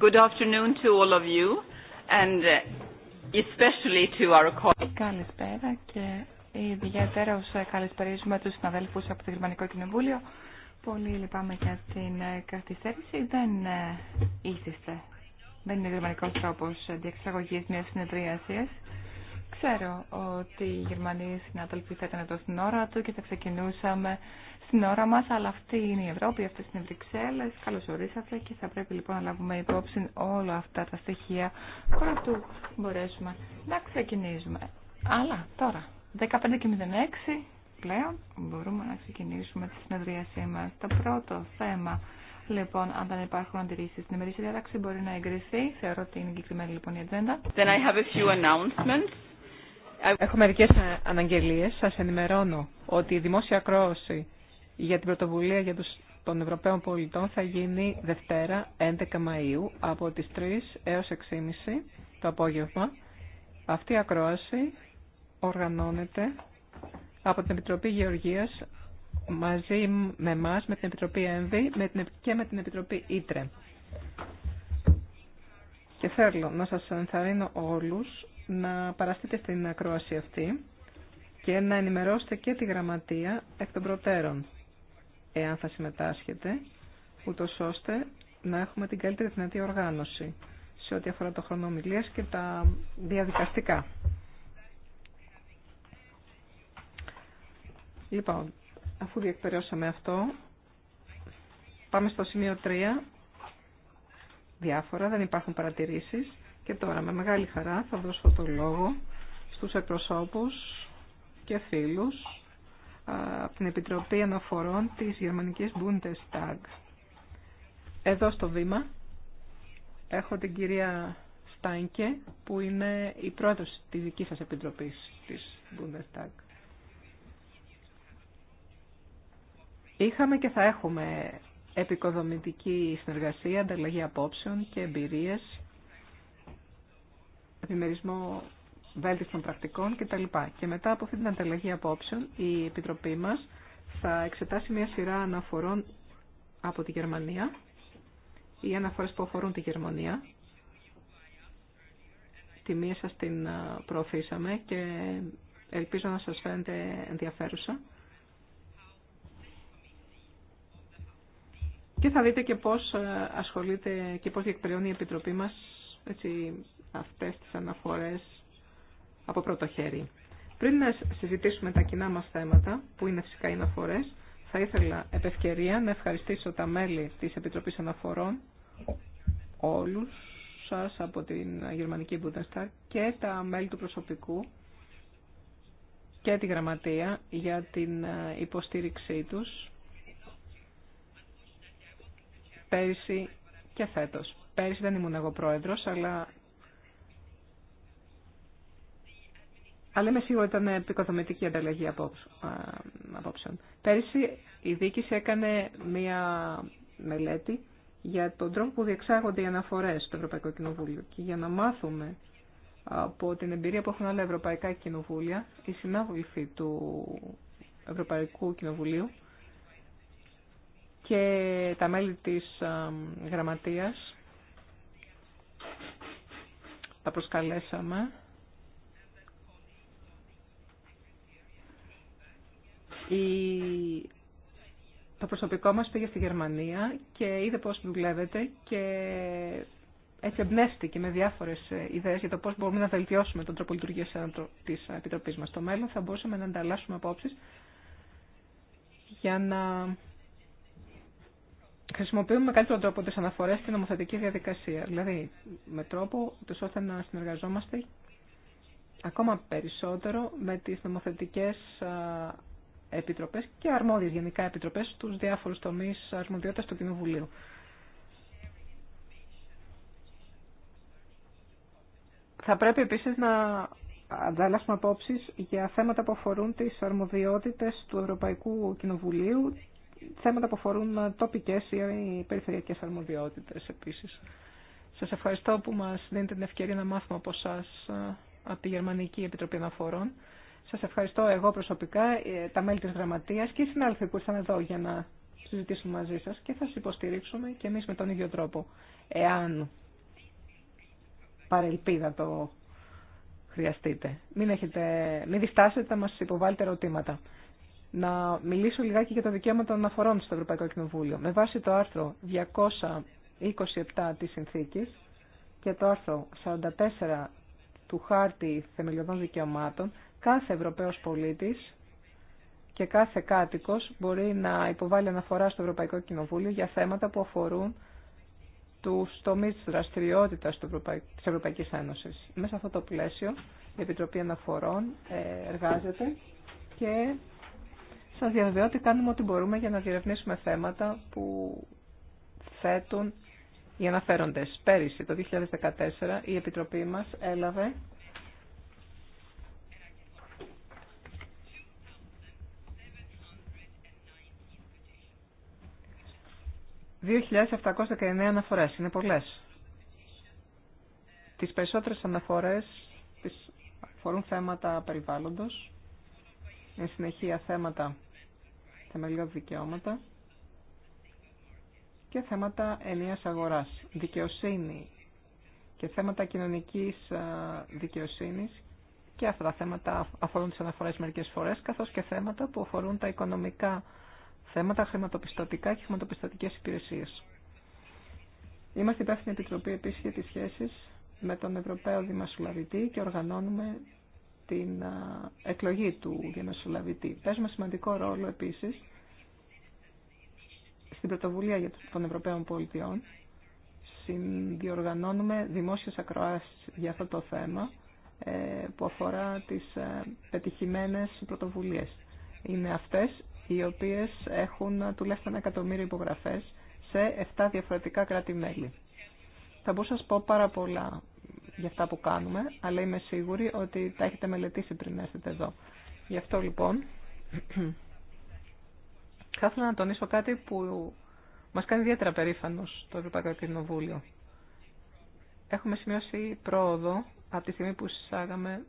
Good afternoon to all of you and uh, especially to our colleagues. Καλησπέρα και ιδιαίτερα ε, καλησπέριζουμε τους συναδέλφους από το Γερμανικό Κοινοβούλιο. Πολύ λυπάμαι για την ε, καθυστέρηση. Δεν είστε. Δεν είναι γερμανικός τρόπος ε, διεξαγωγής μιας συνεδρίασης. Ξέρω ότι οι Γερμανοί συνάδελφοι θα ήταν εδώ στην ώρα του και θα ξεκινούσαμε στην ώρα μα, αλλά αυτή είναι η Ευρώπη, αυτέ είναι οι Βρυξέλλε. Καλώ ορίσατε και θα πρέπει λοιπόν να λάβουμε υπόψη όλα αυτά τα στοιχεία πρωτού μπορέσουμε να ξεκινήσουμε. Αλλά τώρα, 15.06 πλέον, μπορούμε να ξεκινήσουμε τη συνεδρίασή μα. Το πρώτο θέμα Λοιπόν, αν δεν υπάρχουν αντιρρήσει στην ημερήσια διάταξη, μπορεί να εγκριθεί. Θεωρώ ότι είναι εγκεκριμένη λοιπόν η ατζέντα. Then I have a few announcements. Έχω μερικέ αναγγελίε. Σα ενημερώνω ότι η δημόσια ακρόαση για την πρωτοβουλία για τους, των Ευρωπαίων πολιτών θα γίνει Δευτέρα 11 Μαΐου από τις 3 έως 6.30 το απόγευμα. Αυτή η ακρόαση οργανώνεται από την Επιτροπή Γεωργίας μαζί με εμά, με την Επιτροπή ΕΜΒΗ και με την Επιτροπή ΙΤΡΕ. Και θέλω να σας ενθαρρύνω όλους να παραστείτε στην ακρόαση αυτή και να ενημερώσετε και τη γραμματεία εκ των προτέρων, εάν θα συμμετάσχετε, ούτω ώστε να έχουμε την καλύτερη δυνατή οργάνωση σε ό,τι αφορά το χρόνο και τα διαδικαστικά. Λοιπόν, αφού διεκπαιρεώσαμε αυτό, πάμε στο σημείο 3. Διάφορα, δεν υπάρχουν παρατηρήσεις. Και τώρα με μεγάλη χαρά θα δώσω το λόγο στους εκπροσώπους και φίλους από την Επιτροπή Αναφορών της Γερμανικής Bundestag. Εδώ στο βήμα έχω την κυρία Στάνκε που είναι η πρόεδρος της δικής σας Επιτροπής της Bundestag. Είχαμε και θα έχουμε επικοδομητική συνεργασία, ανταλλαγή απόψεων και εμπειρίες επιμερισμό βέλτιστων πρακτικών κτλ. Και μετά από αυτή την ανταλλαγή απόψεων, η Επιτροπή μας θα εξετάσει μια σειρά αναφορών από τη Γερμανία ή αναφορές που αφορούν τη Γερμανία. Τη μία σας την ε, προωθήσαμε και ελπίζω να σας φαίνεται ενδιαφέρουσα. Και θα δείτε και πώς ε, ασχολείται και πώς διεκπαιρεώνει η Επιτροπή μας έτσι, αυτές τις αναφορές από πρώτο χέρι. Πριν να συζητήσουμε τα κοινά μας θέματα, που είναι φυσικά οι αναφορές, θα ήθελα επευκαιρία να ευχαριστήσω τα μέλη της Επιτροπής Αναφορών, όλους σας από την Γερμανική Bundestag και τα μέλη του προσωπικού και τη Γραμματεία για την ε, υποστήριξή τους πέρυσι και φέτος. Πέρυσι δεν ήμουν εγώ πρόεδρος, αλλά... Αλλά είμαι σίγουρη ήταν επικοδομητική ανταλλαγή απόψεων. Πέρυσι η δίκηση έκανε μία μελέτη για τον τρόπο που διεξάγονται οι αναφορές στο Ευρωπαϊκό Κοινοβούλιο και για να μάθουμε από την εμπειρία που έχουν άλλα ευρωπαϊκά κοινοβούλια, οι συνάδελφοι του Ευρωπαϊκού Κοινοβουλίου και τα μέλη της γραμματείας τα προσκαλέσαμε. Η... Το προσωπικό μας πήγε στη Γερμανία και είδε πώς δουλεύετε και έτσι εμπνεύστηκε με διάφορες ιδέες για το πώς μπορούμε να βελτιώσουμε τον τρόπο λειτουργίας της Επιτροπής μας. Στο μέλλον θα μπορούσαμε να ανταλλάσσουμε απόψεις για να χρησιμοποιούμε με καλύτερο τρόπο τι αναφορές στην νομοθετική διαδικασία. Δηλαδή, με τρόπο τους ώστε να συνεργαζόμαστε ακόμα περισσότερο με τις νομοθετικές επιτροπές και αρμόδιες γενικά επιτροπές στου διάφορου τομεί αρμοδιότητας του Κοινοβουλίου. Θα πρέπει επίσης να ανταλλάσσουμε απόψεις για θέματα που αφορούν τις αρμοδιότητες του Ευρωπαϊκού Κοινοβουλίου θέματα που αφορούν τοπικές ή περιφερειακές αρμοδιότητες επίσης. Σας ευχαριστώ που μας δίνετε την ευκαιρία να μάθουμε από εσά από τη Γερμανική Επιτροπή Αναφορών. Σας ευχαριστώ εγώ προσωπικά, ε, τα μέλη της Γραμματείας και οι συνάδελφοι που ήρθαν εδώ για να συζητήσουμε μαζί σας και θα σας υποστηρίξουμε και εμείς με τον ίδιο τρόπο, εάν παρελπίδα το χρειαστείτε. Μην, έχετε, μην διστάσετε να μας υποβάλλετε ερωτήματα να μιλήσω λιγάκι για τα δικαίωμα των αναφορών στο Ευρωπαϊκό Κοινοβούλιο. Με βάση το άρθρο 227 της Συνθήκης και το άρθρο 44 του Χάρτη Θεμελιωδών Δικαιωμάτων, κάθε Ευρωπαίος πολίτης και κάθε κάτοικος μπορεί να υποβάλει αναφορά στο Ευρωπαϊκό Κοινοβούλιο για θέματα που αφορούν του τομεί τη δραστηριότητα τη Ευρωπαϊκή Ένωση. Μέσα σε αυτό το πλαίσιο, η Επιτροπή Αναφορών ε, εργάζεται και σας διαβεβαιώ ότι κάνουμε ό,τι μπορούμε για να διερευνήσουμε θέματα που θέτουν οι αναφέροντες. Πέρυσι, το 2014, η Επιτροπή μας έλαβε 2.719 αναφορές. Είναι πολλές. Τις περισσότερες αναφορές τις αφορούν θέματα περιβάλλοντος, εν συνεχεία θέματα θεμελιώδη δικαιώματα και θέματα ενίας αγοράς, δικαιοσύνη και θέματα κοινωνικής δικαιοσύνης και αυτά τα θέματα αφορούν τις αναφορές μερικές φορές, καθώς και θέματα που αφορούν τα οικονομικά θέματα, χρηματοπιστωτικά και χρηματοπιστωτικές υπηρεσίες. Είμαστε υπεύθυνη επιτροπή επίσης για τις σχέσεις με τον Ευρωπαίο Δημασουλαβητή και οργανώνουμε την εκλογή του διαμεσολαβητή. Παίζουμε σημαντικό ρόλο επίσης στην πρωτοβουλία των Ευρωπαίων Πολιτειών. Συνδιοργανώνουμε δημόσιες ακροάσεις για αυτό το θέμα ε, που αφορά τις ε, πετυχημένες πρωτοβουλίες. Είναι αυτές οι οποίες έχουν τουλάχιστον εκατομμύριο υπογραφές σε 7 διαφορετικά κράτη-μέλη. Θα μπορούσα να σας πω πάρα πολλά για αυτά που κάνουμε, αλλά είμαι σίγουρη ότι τα έχετε μελετήσει πριν έρθετε εδώ. Γι' αυτό λοιπόν θα ήθελα να τονίσω κάτι που μας κάνει ιδιαίτερα περήφανος το Ευρωπαϊκό Κοινοβούλιο. Έχουμε σημειώσει πρόοδο από τη στιγμή που εισάγαμε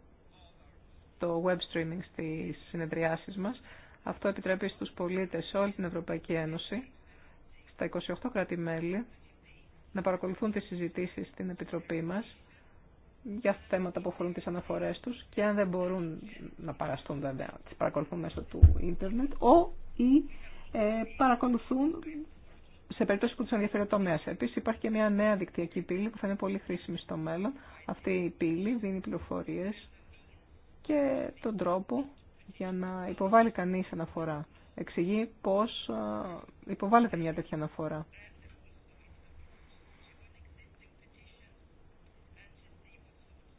το web streaming στις συνεδριάσεις μας. Αυτό επιτρέπει στους πολίτες σε όλη την Ευρωπαϊκή Ένωση, στα 28 κράτη-μέλη, να παρακολουθούν τις συζητήσεις στην Επιτροπή μας για θέματα που αφορούν τις αναφορές τους και αν δεν μπορούν να παραστούν βέβαια τις παρακολουθούν μέσω του ίντερνετ ο, ή ε, παρακολουθούν σε περίπτωση που τους ενδιαφέρει ο τομέας. Επίσης υπάρχει και μια νέα δικτυακή πύλη που θα είναι πολύ χρήσιμη στο μέλλον. Αυτή η πύλη δίνει πληροφορίες και τον τρόπο για να υποβάλει κανείς αναφορά. Εξηγεί πώς υποβάλλεται μια τέτοια αναφορά.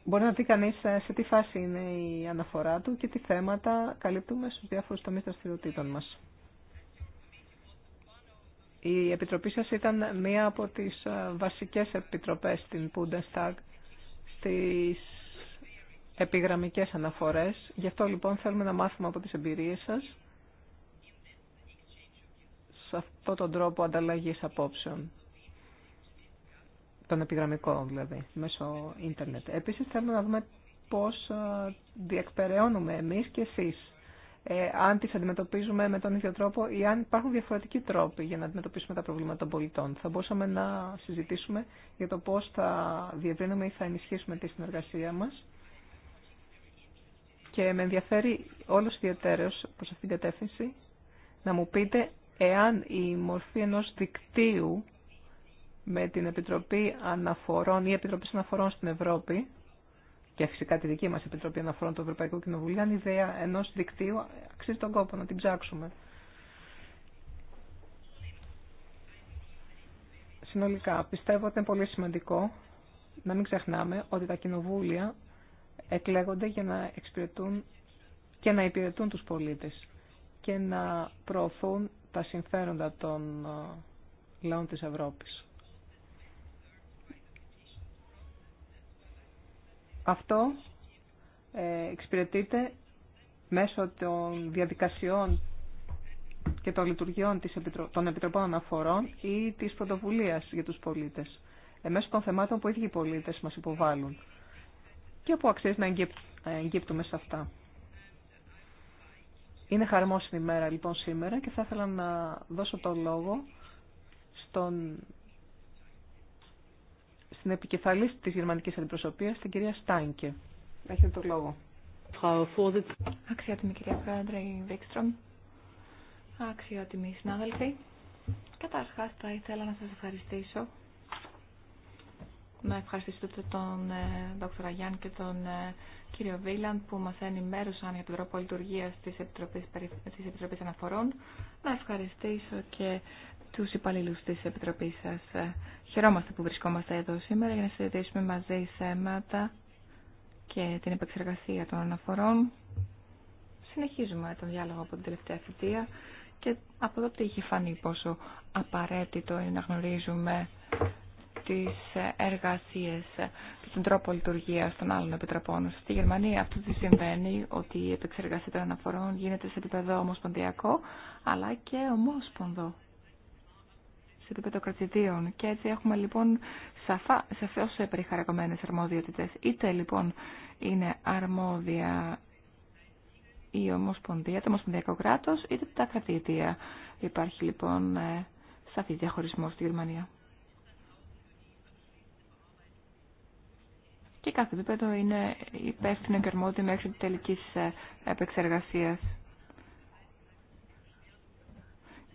Μπορεί να δει κανεί ε, σε τι φάση είναι η αναφορά του και τι θέματα καλύπτουμε στου διάφορου τομείς δραστηριοτήτων μα. Η επιτροπή σας ήταν μία από τις ε, βασικές επιτροπές στην Bundestag στις επιγραμμικές αναφορές. Γι' αυτό λοιπόν θέλουμε να μάθουμε από τις εμπειρίες σας σε αυτόν τον τρόπο ανταλλαγής απόψεων τον επιγραμμικό δηλαδή, μέσω ίντερνετ. Επίσης θέλουμε να δούμε πώς ε, διεκπεραιώνουμε εμείς και εσείς. Ε, αν τις αντιμετωπίζουμε με τον ίδιο τρόπο ή αν υπάρχουν διαφορετικοί τρόποι για να αντιμετωπίσουμε τα προβλήματα των πολιτών. Θα μπορούσαμε να συζητήσουμε για το πώς θα διευρύνουμε ή θα ενισχύσουμε τη συνεργασία μας. Και με ενδιαφέρει όλος ιδιαίτερος προς αυτήν την κατεύθυνση να μου πείτε εάν η μορφή ενός δικτύου με την Επιτροπή Αναφορών ή Επιτροπή Αναφορών στην Ευρώπη και φυσικά τη δική μας Επιτροπή Αναφορών του Ευρωπαϊκού Κοινοβουλίου, αν ιδέα ενός δικτύου αξίζει τον κόπο να την ψάξουμε. Συνολικά, πιστεύω ότι είναι πολύ σημαντικό να μην ξεχνάμε ότι τα κοινοβούλια εκλέγονται για να εξυπηρετούν και να υπηρετούν τους πολίτες και να προωθούν τα συμφέροντα των λαών της Ευρώπης. Αυτό ε, εξυπηρετείται μέσω των διαδικασιών και των λειτουργιών των Επιτροπών Αναφορών ή της πρωτοβουλία για τους πολίτες, ε, μέσω των θεμάτων που οι ίδιοι οι πολίτες μας υποβάλλουν και που αξίζει να εγκύπτουμε σε αυτά. Είναι χαρμόσυνη μέρα λοιπόν σήμερα και θα ήθελα να δώσω το λόγο στον στην επικεφαλή τη Γερμανική αντιπροσωπείας, την κυρία Στάνκε. Έχετε το λόγο. Αξιότιμη κυρία Πρόεδρε Βίξτρομ, αξιότιμοι συνάδελφοι, καταρχά θα ήθελα να σα ευχαριστήσω να ευχαριστήσω τον ε, Δόκτωρα Γιάννη και τον ε, κύριο Βίλαν που μας ενημέρωσαν για τον τρόπο λειτουργία της Επιτροπής, της Επιτροπής Αναφορών. Να ευχαριστήσω και τους υπαλλήλους της Επιτροπής σας. Ε, χαιρόμαστε που βρισκόμαστε εδώ σήμερα για να συζητήσουμε μαζί θέματα και την επεξεργασία των αναφορών. Συνεχίζουμε τον διάλογο από την τελευταία θητεία και από εδώ τι είχε φανεί πόσο απαραίτητο είναι να γνωρίζουμε τις εργασίες και τον τρόπο λειτουργίας των άλλων επιτροπών. Στη Γερμανία αυτό τι συμβαίνει, ότι η επεξεργασία των αναφορών γίνεται σε επίπεδο ομοσπονδιακό, αλλά και ομόσπονδο επίπεδο κρατηδίων. Και έτσι έχουμε λοιπόν σαφά, σαφώς αρμοδιότητε. αρμόδιοτητες. Είτε λοιπόν είναι αρμόδια η Ομοσπονδία, το Ομοσπονδιακό κράτο, είτε τα κρατήδια. Υπάρχει λοιπόν ε, σαφή διαχωρισμό στη Γερμανία. Και κάθε επίπεδο είναι υπεύθυνο και αρμόδιο μέχρι τη τελική ε, επεξεργασία.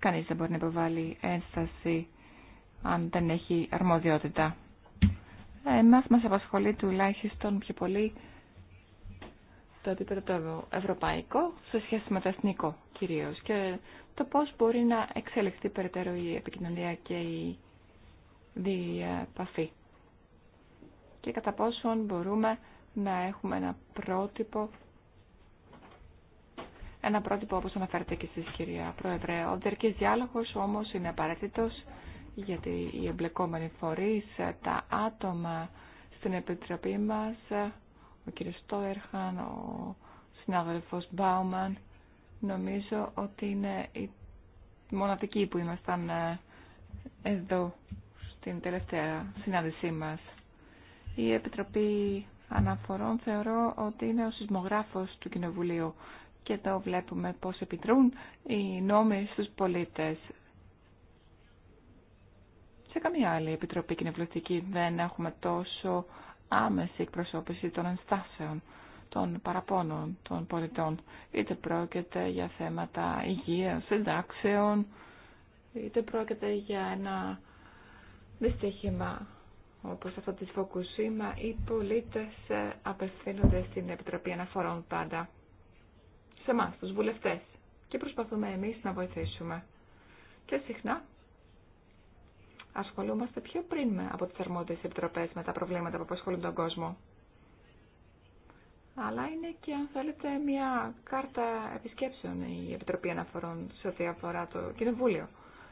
Κανείς δεν μπορεί να υποβάλει ένσταση αν δεν έχει αρμοδιότητα. Εμάς μας απασχολεί τουλάχιστον πιο πολύ το επίπεδο το ευρωπαϊκό σε σχέση με το εθνικό κυρίως και το πώς μπορεί να εξελιχθεί περαιτέρω η επικοινωνία και η διαπαφή και κατά πόσον μπορούμε να έχουμε ένα πρότυπο ένα πρότυπο όπως αναφέρετε και εσείς κυρία Πρόεδρε. Ο διαρκής διάλογος όμως είναι απαραίτητος γιατί οι εμπλεκόμενοι φορείς, τα άτομα στην Επιτροπή μας, ο κύριος Στόερχαν, ο συνάδελφος Μπάουμαν, νομίζω ότι είναι οι μοναδικοί που ήμασταν ε, εδώ στην τελευταία συνάντησή μας. Η Επιτροπή Αναφορών θεωρώ ότι είναι ο σεισμογράφος του Κοινοβουλίου και εδώ βλέπουμε πώς επιτρούν οι νόμοι στους πολίτες. Σε καμία άλλη επιτροπή κοινοβουλευτική δεν έχουμε τόσο άμεση εκπροσώπηση των ενστάσεων, των παραπώνων των πολιτών. Είτε πρόκειται για θέματα υγείας, συντάξεων, είτε πρόκειται για ένα δυστύχημα όπως αυτό της Φοκουσίμα, οι πολίτες απευθύνονται στην Επιτροπή Αναφορών πάντα σε εμά, του βουλευτές. Και προσπαθούμε εμείς να βοηθήσουμε. Και συχνά ασχολούμαστε πιο πριν με, από τις αρμόδιες επιτροπές με τα προβλήματα που απασχολούν τον κόσμο. Αλλά είναι και, αν θέλετε, μια κάρτα επισκέψεων η Επιτροπή Αναφορών σε ό,τι αφορά το Κοινοβούλιο.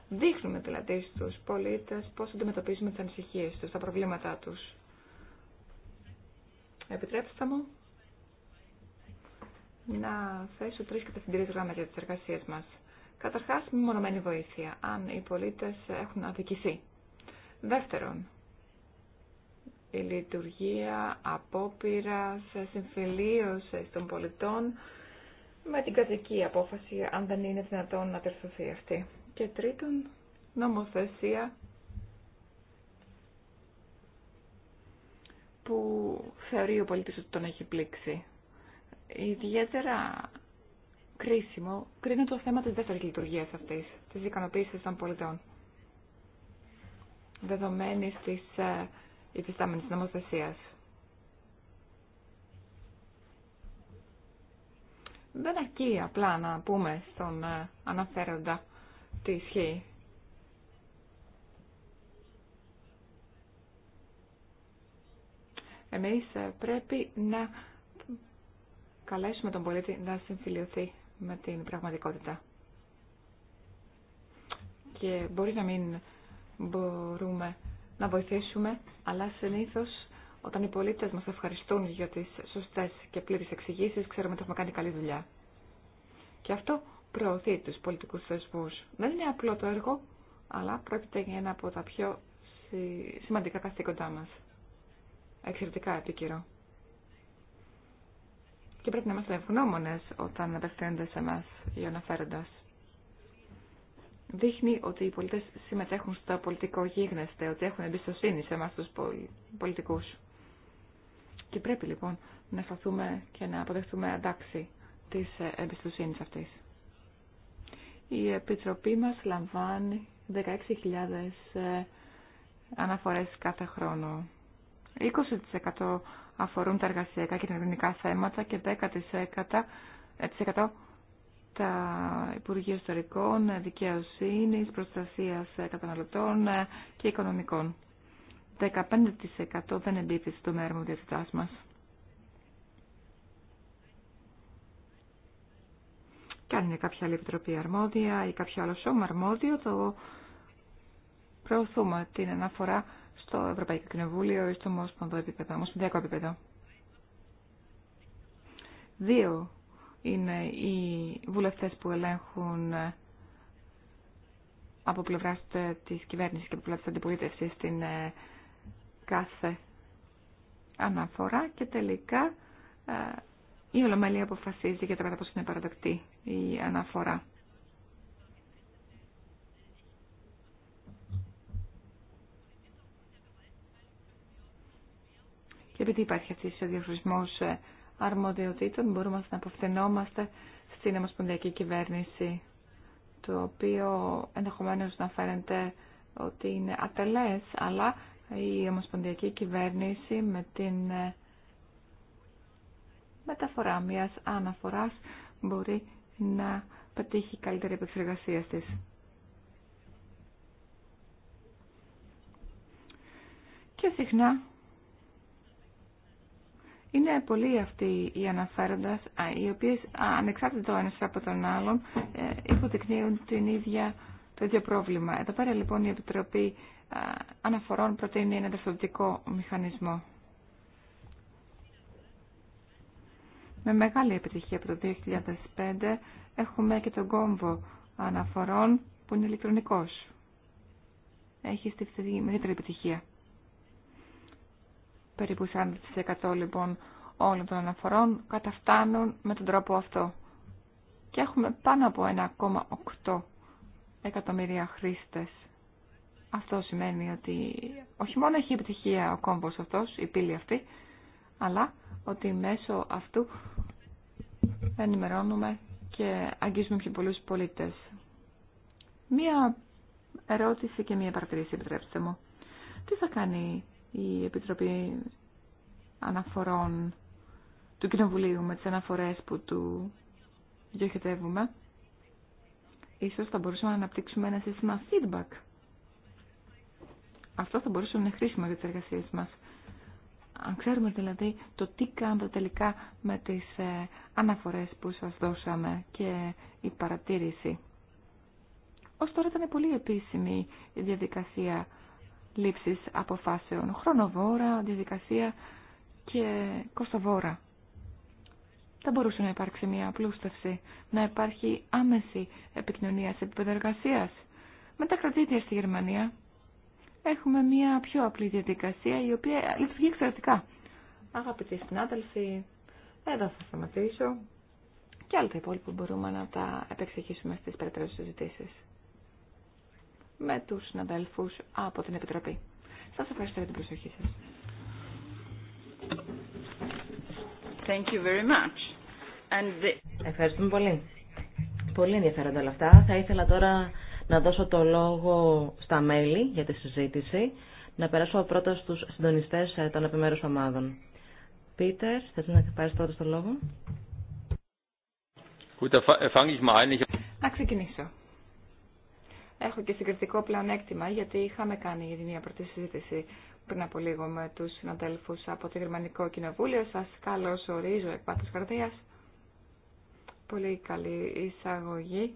Δείχνουμε δηλαδή στου πολίτε πώ αντιμετωπίζουμε τι ανησυχίε του τα προβλήματά του. Επιτρέψτε μου να θέσω τρει κατευθυντήριε γραμμέ για τι εργασίε μα. Καταρχά, μη μονομένη βοήθεια, αν οι πολίτε έχουν αδικηθεί. Δεύτερον, η λειτουργία απόπειρα συμφιλίωση των πολιτών με την κατοική απόφαση, αν δεν είναι δυνατόν να τερθωθεί αυτή. Και τρίτον, νομοθεσία που θεωρεί ο πολίτης ότι τον έχει πλήξει ιδιαίτερα κρίσιμο κρίνω το θέμα της δεύτερης λειτουργίας αυτής, της ικανοποίησης των πολιτών. Δεδομένης της ε, υφιστάμενης νομοθεσίας. Δεν αρκεί απλά να πούμε στον ε, αναφέροντα τι ισχύει. Εμείς ε, πρέπει να καλέσουμε τον πολίτη να συμφιλειωθεί με την πραγματικότητα. Και μπορεί να μην μπορούμε να βοηθήσουμε, αλλά συνήθω όταν οι πολίτες μας ευχαριστούν για τις σωστές και πλήρες εξηγήσεις, ξέρουμε ότι έχουμε κάνει καλή δουλειά. Και αυτό προωθεί τους πολιτικούς θεσμούς. Δεν είναι απλό το έργο, αλλά πρόκειται για ένα από τα πιο σημαντικά καθήκοντά μας. Εξαιρετικά επίκαιρο και πρέπει να είμαστε ευγνώμονε όταν απευθύνονται σε εμά οι αναφέροντα. Δείχνει ότι οι πολίτε συμμετέχουν στο πολιτικό γίγνεσθε, ότι έχουν εμπιστοσύνη σε εμά του πολιτικού. Και πρέπει λοιπόν να σταθούμε και να αποδεχτούμε αντάξει τη εμπιστοσύνη αυτή. Η Επιτροπή μας λαμβάνει 16.000 ε, αναφορές κάθε χρόνο. 20% αφορούν τα εργασιακά και τα ελληνικά θέματα και 10% τα Υπουργεία Ιστορικών, Δικαιοσύνης, Προστασίας Καταναλωτών και Οικονομικών. 15% δεν εμπίπτει στο μου διαθετά μα. Και αν είναι κάποια άλλη επιτροπή αρμόδια ή κάποιο άλλο σώμα αρμόδιο, το προωθούμε την αναφορά στο Ευρωπαϊκό Κοινοβούλιο ή στο ομόσπονδο επίπεδο, ομοσπονδιακό επίπεδο. Δύο είναι οι βουλευτές που ελέγχουν ε, από πλευρά ε, τη κυβέρνηση και από πλευρά τη αντιπολίτευση στην ε, κάθε αναφορά και τελικά η Ολομέλεια κυβερνηση και απο πλευρα τη αντιπολιτευση την καθε αναφορα και τελικα η ολομελεια αποφασιζει για το κατά πόσο είναι παραδοκτή η αναφορά. Και επειδή υπάρχει αυτή ο διαχωρισμός ε, αρμοδιοτήτων, μπορούμε να αποφθενόμαστε στην ομοσπονδιακή κυβέρνηση, το οποίο ενδεχομένω να φαίνεται ότι είναι ατελές, αλλά η ομοσπονδιακή κυβέρνηση με την ε, μεταφορά μιας αναφοράς μπορεί να πετύχει καλύτερη επεξεργασία της. Και συχνά είναι πολλοί αυτοί οι αναφέροντας, οι οποίες ανεξάρτητα το ένα από τον άλλον ε, υποδεικνύουν την ίδια, το ίδιο πρόβλημα. Εδώ πέρα λοιπόν η Επιτροπή Αναφορών προτείνει ένα διαφορετικό μηχανισμό. Με μεγάλη επιτυχία από το 2005 έχουμε και τον κόμβο αναφορών που είναι ηλεκτρονικός. Έχει στη μεγαλύτερη επιτυχία περίπου 40% λοιπόν όλων των αναφορών καταφτάνουν με τον τρόπο αυτό. Και έχουμε πάνω από 1,8 εκατομμύρια χρήστες. Αυτό σημαίνει ότι όχι μόνο έχει επιτυχία ο κόμπος αυτός, η πύλη αυτή, αλλά ότι μέσω αυτού ενημερώνουμε και αγγίζουμε πιο πολλούς πολίτες. Μία ερώτηση και μία παρατηρήση, επιτρέψτε μου. Τι θα κάνει η Επιτροπή Αναφορών του Κοινοβουλίου με τις αναφορές που του διοχετεύουμε, ίσως θα μπορούσαμε να αναπτύξουμε ένα σύστημα feedback. Αυτό θα μπορούσε να είναι χρήσιμο για τις εργασίες μας. Αν ξέρουμε δηλαδή το τι κάνετε τελικά με τις ε, αναφορές που σας δώσαμε και η παρατήρηση. Ως τώρα ήταν πολύ επίσημη η διαδικασία λήψης αποφάσεων. Χρονοβόρα, διαδικασία και κοστοβόρα. Θα μπορούσε να υπάρξει μια απλούστευση, να υπάρχει άμεση επικοινωνία σε επίπεδο εργασία. Με τα κρατήδια στη Γερμανία έχουμε μια πιο απλή διαδικασία η οποία λειτουργεί εξαιρετικά. Αγαπητοί συνάδελφοι, εδώ θα σταματήσω και άλλα τα υπόλοιπα μπορούμε να τα επεξηγήσουμε στις περαιτέρω συζητήσει με τους συναδέλφους από την Επιτροπή. Σας ευχαριστώ για την προσοχή σας. Ευχαριστούμε πολύ. Πολύ ενδιαφέροντα όλα αυτά. Θα ήθελα τώρα να δώσω το λόγο στα μέλη για τη συζήτηση. Να περάσω πρώτα στους συντονιστές ε, των επιμέρους ομάδων. Πίτερ, θες να πάρεις πρώτα το λόγο. Να ξεκινήσω έχω και συγκριτικό πλεονέκτημα γιατί είχαμε κάνει ήδη μια πρώτη συζήτηση πριν από λίγο με του συναδέλφους από το Γερμανικό Κοινοβούλιο. Σα καλώς ορίζω εκ πάτους καρδιά, Πολύ καλή εισαγωγή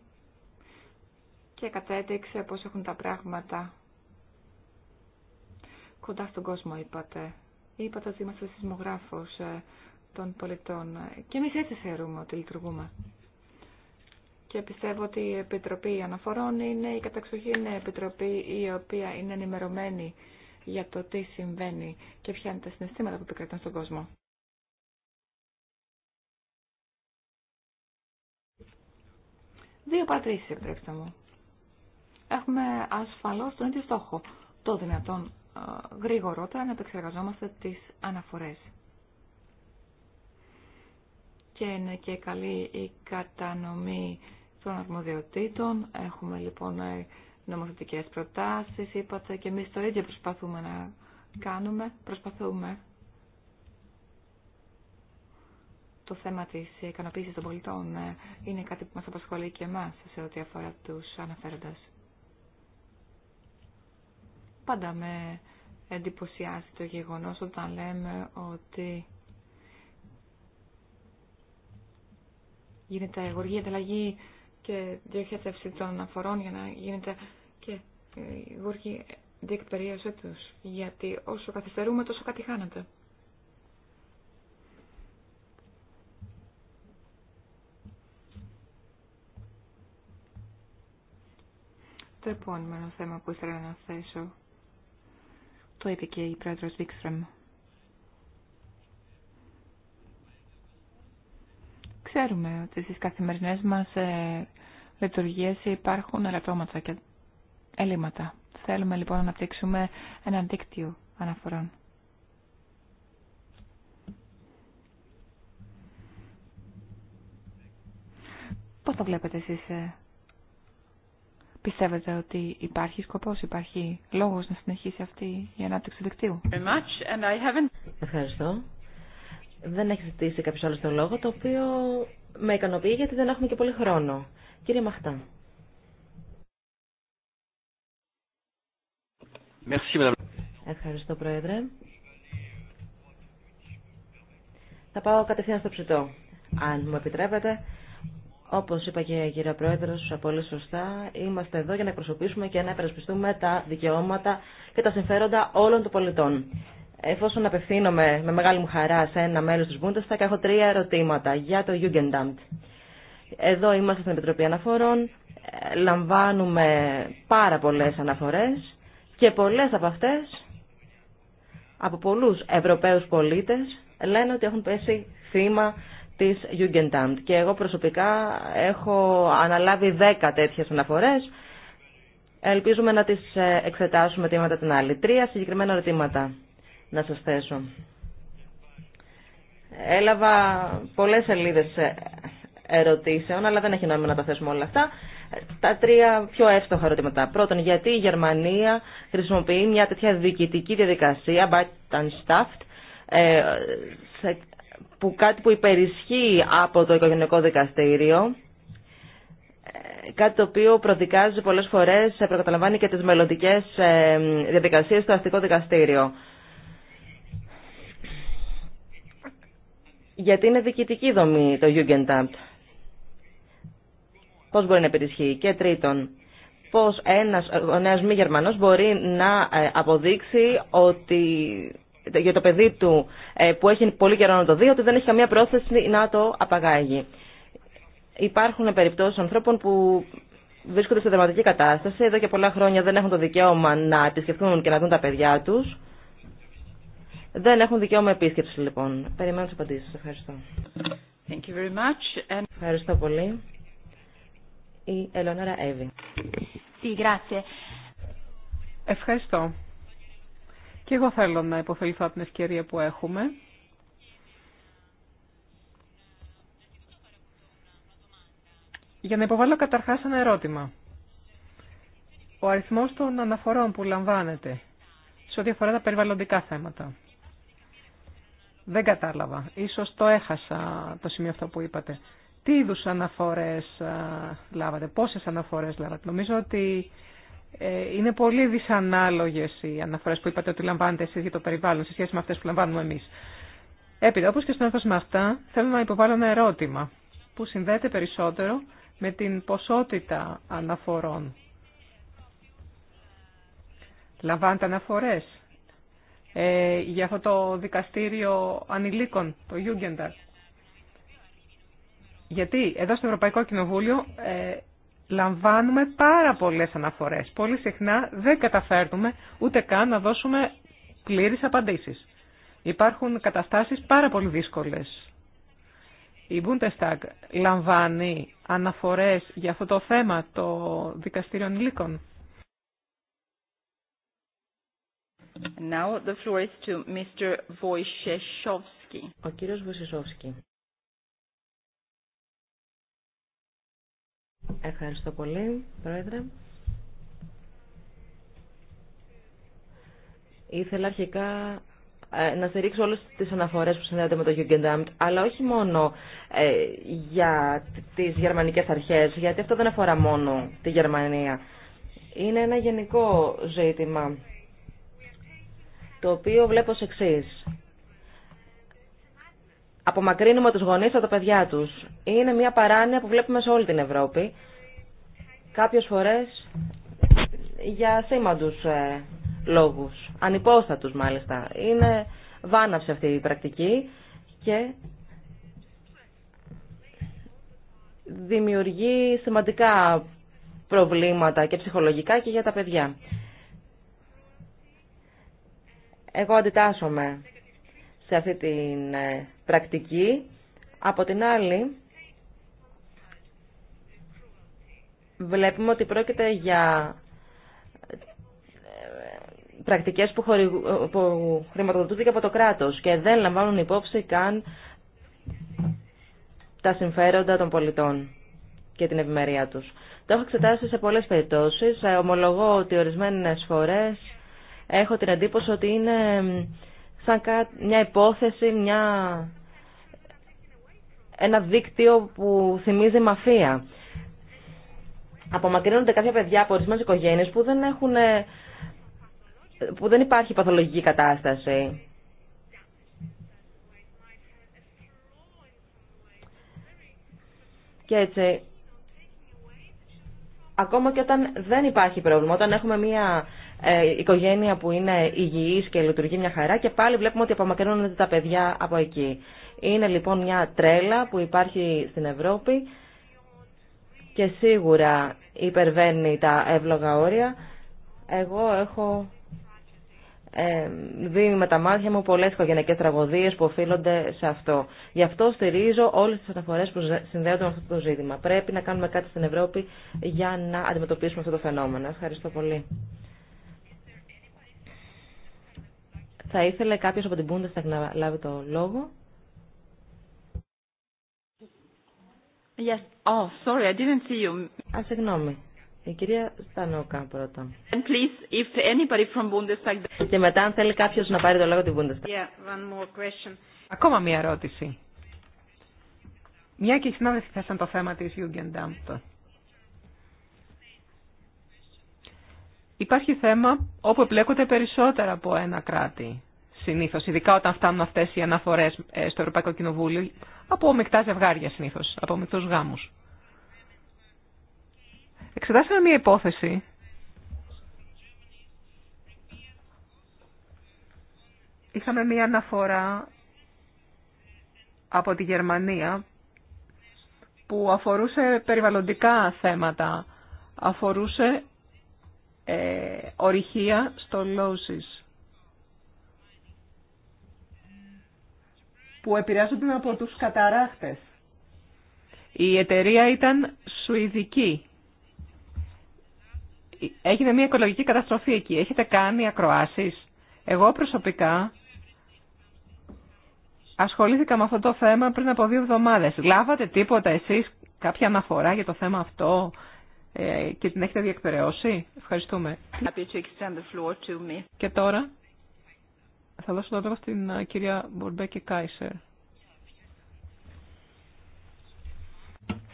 και κατέδειξε πώς έχουν τα πράγματα κοντά στον κόσμο είπατε. Είπατε ότι είμαστε σεισμογράφος ε, των πολιτών και εμείς έτσι θεωρούμε ότι λειτουργούμε και πιστεύω ότι η Επιτροπή Αναφορών είναι η η Επιτροπή η οποία είναι ενημερωμένη για το τι συμβαίνει και ποια είναι τα συναισθήματα που επικρατούν στον κόσμο. Δύο παρατηρήσεις επιτρέψτε μου. Έχουμε ασφαλώς τον ίδιο στόχο. Το δυνατόν γρήγορότερα να επεξεργαζόμαστε τις αναφορές. Και είναι και καλή η κατανομή των αρμοδιοτήτων. Έχουμε λοιπόν ε, νομοθετικές προτάσεις, είπατε, και εμείς το ίδιο προσπαθούμε να κάνουμε. Προσπαθούμε το θέμα της ικανοποίησης των πολιτών ε, είναι κάτι που μας απασχολεί και εμάς σε ό,τι αφορά τους αναφέροντας. Πάντα με εντυπωσιάζει το γεγονός όταν λέμε ότι γίνεται γοργή ανταλλαγή και διοχέτευση των αφορών για να γίνεται και η γουργή διεκπαιρίωσή του. Γιατί όσο καθυστερούμε, τόσο κάτι χάνεται. Το επόμενο θέμα που ήθελα να θέσω το είπε και η πρόεδρος Βίξτρεμ. Ξέρουμε ότι στις καθημερινές μας ε, λειτουργίες υπάρχουν ελαττώματα και έλλειμματα. Θέλουμε λοιπόν να αναπτύξουμε ένα δίκτυο αναφορών. Πώς το βλέπετε εσείς, ε? πιστεύετε ότι υπάρχει σκοπός, υπάρχει λόγος να συνεχίσει αυτή η ανάπτυξη δικτύου. Ευχαριστώ. Δεν έχει ζητήσει κάποιο άλλο τον λόγο, το οποίο με ικανοποιεί γιατί δεν έχουμε και πολύ χρόνο. Κύριε Μαχτά. Ευχαριστώ, Πρόεδρε. Θα πάω κατευθείαν στο ψητό. Αν μου επιτρέπετε, όπως είπα και η κυρία Πρόεδρο πολύ σωστά, είμαστε εδώ για να εκπροσωπήσουμε και να υπερασπιστούμε τα δικαιώματα και τα συμφέροντα όλων των πολιτών. Εφόσον απευθύνομαι με μεγάλη μου χαρά σε ένα μέλος της θα έχω τρία ερωτήματα για το Jugendamt. Εδώ είμαστε στην Επιτροπή Αναφορών, λαμβάνουμε πάρα πολλές αναφορές και πολλές από αυτές, από πολλούς Ευρωπαίους πολίτες, λένε ότι έχουν πέσει θύμα της Jugendamt. Και εγώ προσωπικά έχω αναλάβει 10 τέτοιες αναφορές. Ελπίζουμε να τις ε, εξετάσουμε τίματα την άλλη. Τρία συγκεκριμένα ερωτήματα να σας θέσω. Έλαβα πολλές σελίδες ε, ερωτήσεων, αλλά δεν έχει νόημα να τα θέσουμε όλα αυτά. Τα τρία πιο εύστοχα ερωτήματα. Πρώτον, γιατί η Γερμανία χρησιμοποιεί μια τέτοια διοικητική διαδικασία, Battenstaft, ε, που κάτι που υπερισχύει από το οικογενειακό δικαστήριο, ε, κάτι το οποίο προδικάζει πολλές φορές, ε, προκαταλαμβάνει και τις μελλοντικέ διαδικασίες στο αστικό δικαστήριο. Γιατί είναι διοικητική δομή το Jugendamt πώς μπορεί να επιτυχεί. Και τρίτον, πώς ένας ο μη Γερμανός μπορεί να ε, αποδείξει ότι για το παιδί του ε, που έχει πολύ καιρό να το δει ότι δεν έχει καμία πρόθεση να το απαγάγει. Υπάρχουν περιπτώσεις ανθρώπων που βρίσκονται σε δραματική κατάσταση, εδώ και πολλά χρόνια δεν έχουν το δικαίωμα να επισκεφθούν και να δουν τα παιδιά τους. Δεν έχουν δικαίωμα επίσκεψη λοιπόν. Περιμένω τις απαντήσεις. Ευχαριστώ. Thank you very much. Ευχαριστώ πολύ η Ελεονόρα Εύη. Ευχαριστώ. Και εγώ θέλω να υποφεληθώ από την ευκαιρία που έχουμε. Για να υποβάλω καταρχάς ένα ερώτημα. Ο αριθμός των αναφορών που λαμβάνεται σε ό,τι αφορά τα περιβαλλοντικά θέματα. Δεν κατάλαβα. Ίσως το έχασα το σημείο αυτό που είπατε. Τι είδους αναφορές λάβατε, πόσες αναφορές λάβατε. Νομίζω ότι ε, είναι πολύ δυσανάλογες οι αναφορές που είπατε ότι λαμβάνετε εσείς για το περιβάλλον σε σχέση με αυτές που λαμβάνουμε εμείς. Έπειτα, όπως και στον με αυτά, θέλω να υποβάλω ένα ερώτημα που συνδέεται περισσότερο με την ποσότητα αναφορών. Λαμβάνετε αναφορές ε, για αυτό το δικαστήριο ανηλίκων, το Jugendamt. Γιατί εδώ στο Ευρωπαϊκό Κοινοβούλιο ε, λαμβάνουμε πάρα πολλές αναφορές. Πολύ συχνά δεν καταφέρνουμε ούτε καν να δώσουμε πλήρεις απαντήσεις. Υπάρχουν καταστάσεις πάρα πολύ δύσκολες. Η Bundestag λαμβάνει αναφορές για αυτό το θέμα το δικαστήριο υλίκων. Ο κύριος Ευχαριστώ πολύ, Πρόεδρε. Ήθελα αρχικά ε, να στηρίξω όλες τις αναφορές που συνδέονται με το Jugendamt, αλλά όχι μόνο ε, για τις γερμανικές αρχές, γιατί αυτό δεν αφορά μόνο τη Γερμανία. Είναι ένα γενικό ζήτημα, το οποίο βλέπω ως εξής απομακρύνουμε τους γονείς από τα παιδιά τους. Είναι μια παράνοια που βλέπουμε σε όλη την Ευρώπη. Κάποιες φορές για σήμαντους ε, λόγους, ανυπόστατους μάλιστα. Είναι βάναυση αυτή η πρακτική και δημιουργεί σημαντικά προβλήματα και ψυχολογικά και για τα παιδιά. Εγώ αντιτάσσομαι σε αυτή την ε, πρακτική. Από την άλλη, βλέπουμε ότι πρόκειται για ε, πρακτικές που, που χρηματοδοτούνται και από το κράτος και δεν λαμβάνουν υπόψη καν τα συμφέροντα των πολιτών και την ευημερία τους. Το έχω εξετάσει σε πολλές περιπτώσεις. Ε, ομολογώ ότι ορισμένες φορές έχω την εντύπωση ότι είναι σαν μια υπόθεση, μια ένα δίκτυο που θυμίζει μαφία. Απομακρύνονται κάποια παιδιά από ορισμένε οικογένειε που δεν έχουν ε, που δεν υπάρχει παθολογική κατάσταση. Και έτσι, ακόμα και όταν δεν υπάρχει πρόβλημα, όταν έχουμε μια ε, οικογένεια που είναι υγιής και λειτουργεί μια χαρά και πάλι βλέπουμε ότι απομακρύνονται τα παιδιά από εκεί. Είναι λοιπόν μια τρέλα που υπάρχει στην Ευρώπη και σίγουρα υπερβαίνει τα εύλογα όρια. Εγώ έχω ε, δει με τα μάτια μου πολλές οικογενειακές τραγωδίες που οφείλονται σε αυτό. Γι' αυτό στηρίζω όλες τις αναφορές που συνδέονται με αυτό το ζήτημα. Πρέπει να κάνουμε κάτι στην Ευρώπη για να αντιμετωπίσουμε αυτό το φαινόμενο. Ευχαριστώ πολύ. Θα ήθελε κάποιος από την Πούντες να λάβει το λόγο. Yes. Oh, sorry, I didn't see you. Α, συγγνώμη. Η κυρία Στανόκα πρώτα. And please, if anybody from Bundestag... Και μετά αν θέλει κάποιο να πάρει το λόγο την Bundestag. Yeah, one more question. Ακόμα μία ερώτηση. Μια και οι συνάδελφοι θέσαν το θέμα της Jugendamt. Υπάρχει θέμα όπου επλέκονται περισσότερα από ένα κράτη. Συνήθως, ειδικά όταν φτάνουν αυτές οι αναφορές ε, στο Ευρωπαϊκό Κοινοβούλιο από μεικτά ζευγάρια συνήθω, από μεικτού γάμου. Εξετάσαμε μια υπόθεση είχαμε μία αναφορά από τη Γερμανία που αφορούσε περιβαλλοντικά θέματα, αφορούσε ε, ορυχεία στο που επηρεάζονται από τους καταράχτες. Η εταιρεία ήταν σουηδική. Έγινε μια οικολογική καταστροφή εκεί. Έχετε κάνει ακροάσεις. Εγώ προσωπικά ασχολήθηκα με αυτό το θέμα πριν από δύο εβδομάδες. Λάβατε τίποτα εσείς κάποια αναφορά για το θέμα αυτό ε, και την έχετε διεκπαιρεώσει. Ευχαριστούμε. Και τώρα θα δώσω το λόγο στην ε, κυρία Μπορμπέκη Κάισερ.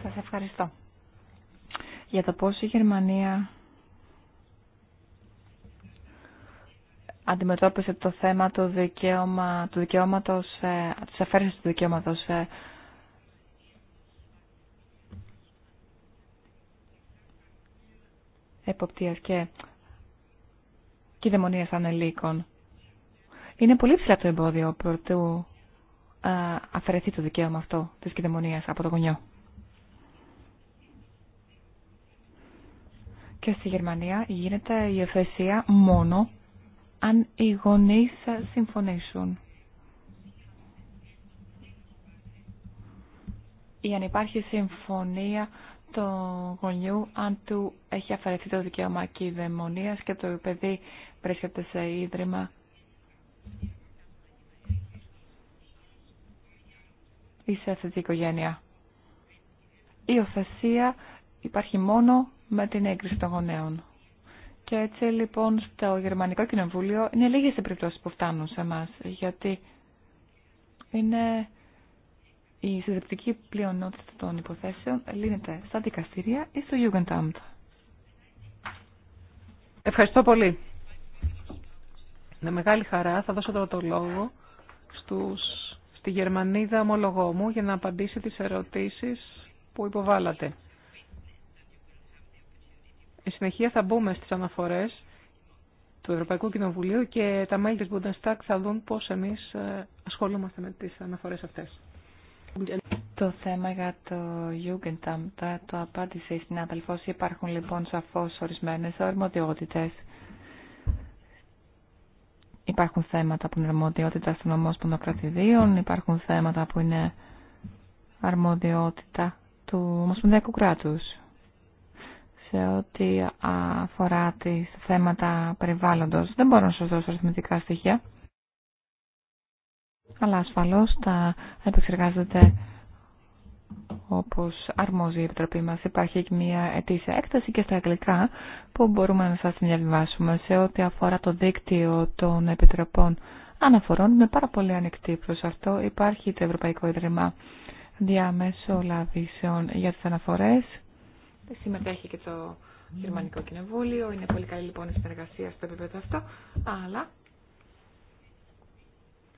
Σας ευχαριστώ για το πώς η Γερμανία αντιμετώπισε το θέμα του, δικαίωμα, του δικαιώματος, ε, της αφαίρεσης του δικαιώματος ε, εποπτείας και κυδαιμονίας ανελίκων. Είναι πολύ ψηλά το εμπόδιο προτού αφαιρεθεί το δικαίωμα αυτό της κυδαιμονίας από το γονιό. Και στη Γερμανία γίνεται η ευθεσία μόνο αν οι γονείς συμφωνήσουν. Ή αν υπάρχει συμφωνία το γονιού, αν του έχει αφαιρεθεί το δικαίωμα κυδαιμονίας και το παιδί βρίσκεται σε ίδρυμα ή σε αυτή την οικογένεια. Η οθεσία υπάρχει μόνο με την έγκριση των γονέων. Και έτσι λοιπόν στο Γερμανικό Κοινοβούλιο είναι λίγε οι περιπτώσει που φτάνουν σε εμά, γιατί είναι η συντριπτική πλειονότητα των υποθέσεων λύνεται στα δικαστήρια ή στο Jugendamt. Ευχαριστώ πολύ. Με μεγάλη χαρά θα δώσω τώρα το λόγο στους τη Γερμανίδα ομολογό μου για να απαντήσει τις ερωτήσεις που υποβάλατε. Εν συνεχεία θα μπούμε στις αναφορές του Ευρωπαϊκού Κοινοβουλίου και τα μέλη της Bundestag θα δουν πώς εμείς ε, ασχολούμαστε με τις αναφορές αυτές. Το θέμα για το Jugendamt το απάντησε στην συνάδελφος. Υπάρχουν λοιπόν σαφώς ορισμένες αρμοδιότητες Υπάρχουν θέματα που είναι αρμοδιότητα των ομόσπονδων κρατηδίων, υπάρχουν θέματα που είναι αρμοδιότητα του ομοσπονδιακού κράτου. σε ό,τι αφορά τις θέματα περιβάλλοντο. Δεν μπορώ να σα δώσω αριθμητικά στοιχεία, αλλά ασφαλώ τα επεξεργάζεται όπως αρμόζει η Επιτροπή μας. Υπάρχει και μια ετήσια έκταση και στα αγγλικά που μπορούμε να σας διαβιβάσουμε σε ό,τι αφορά το δίκτυο των Επιτροπών Αναφορών. Είμαι πάρα πολύ ανοιχτή προς αυτό. Υπάρχει το Ευρωπαϊκό Ίδρυμα Διαμεσολαβήσεων για τις αναφορές. Συμμετέχει και το Γερμανικό Κοινοβούλιο. Είναι πολύ καλή λοιπόν η συνεργασία στο επίπεδο αυτό. Αλλά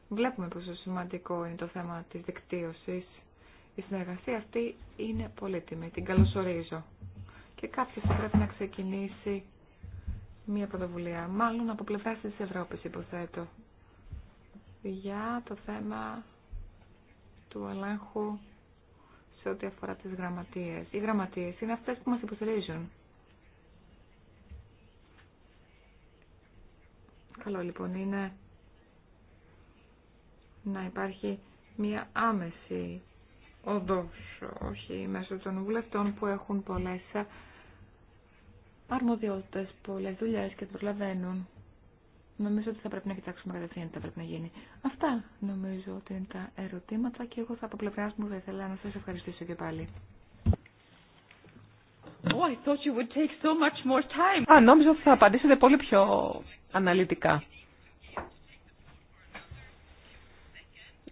βλέπουμε πόσο σημαντικό είναι το θέμα της δικτύωσης η συνεργασία αυτή είναι πολύτιμη, την καλωσορίζω. Και κάποιο θα πρέπει να ξεκινήσει μια πρωτοβουλία, μάλλον από πλευρά τη Ευρώπη, υποθέτω, για το θέμα του ελέγχου σε ό,τι αφορά τις γραμματείες. Οι γραμματείες είναι αυτές που μας υποστηρίζουν. Καλό λοιπόν είναι να υπάρχει μια άμεση όντως όχι μέσω των βουλευτών που έχουν πολλές αρμοδιότητες, πολλές δουλειές και το προλαβαίνουν. Νομίζω ότι θα πρέπει να κοιτάξουμε κατευθείαν τι θα πρέπει να γίνει. Αυτά νομίζω ότι είναι τα ερωτήματα και εγώ θα από πλευρά μου θα ήθελα να σας ευχαριστήσω και πάλι. Oh, thought you would take so much more time. Α, νομίζω ότι θα απαντήσετε πολύ πιο αναλυτικά.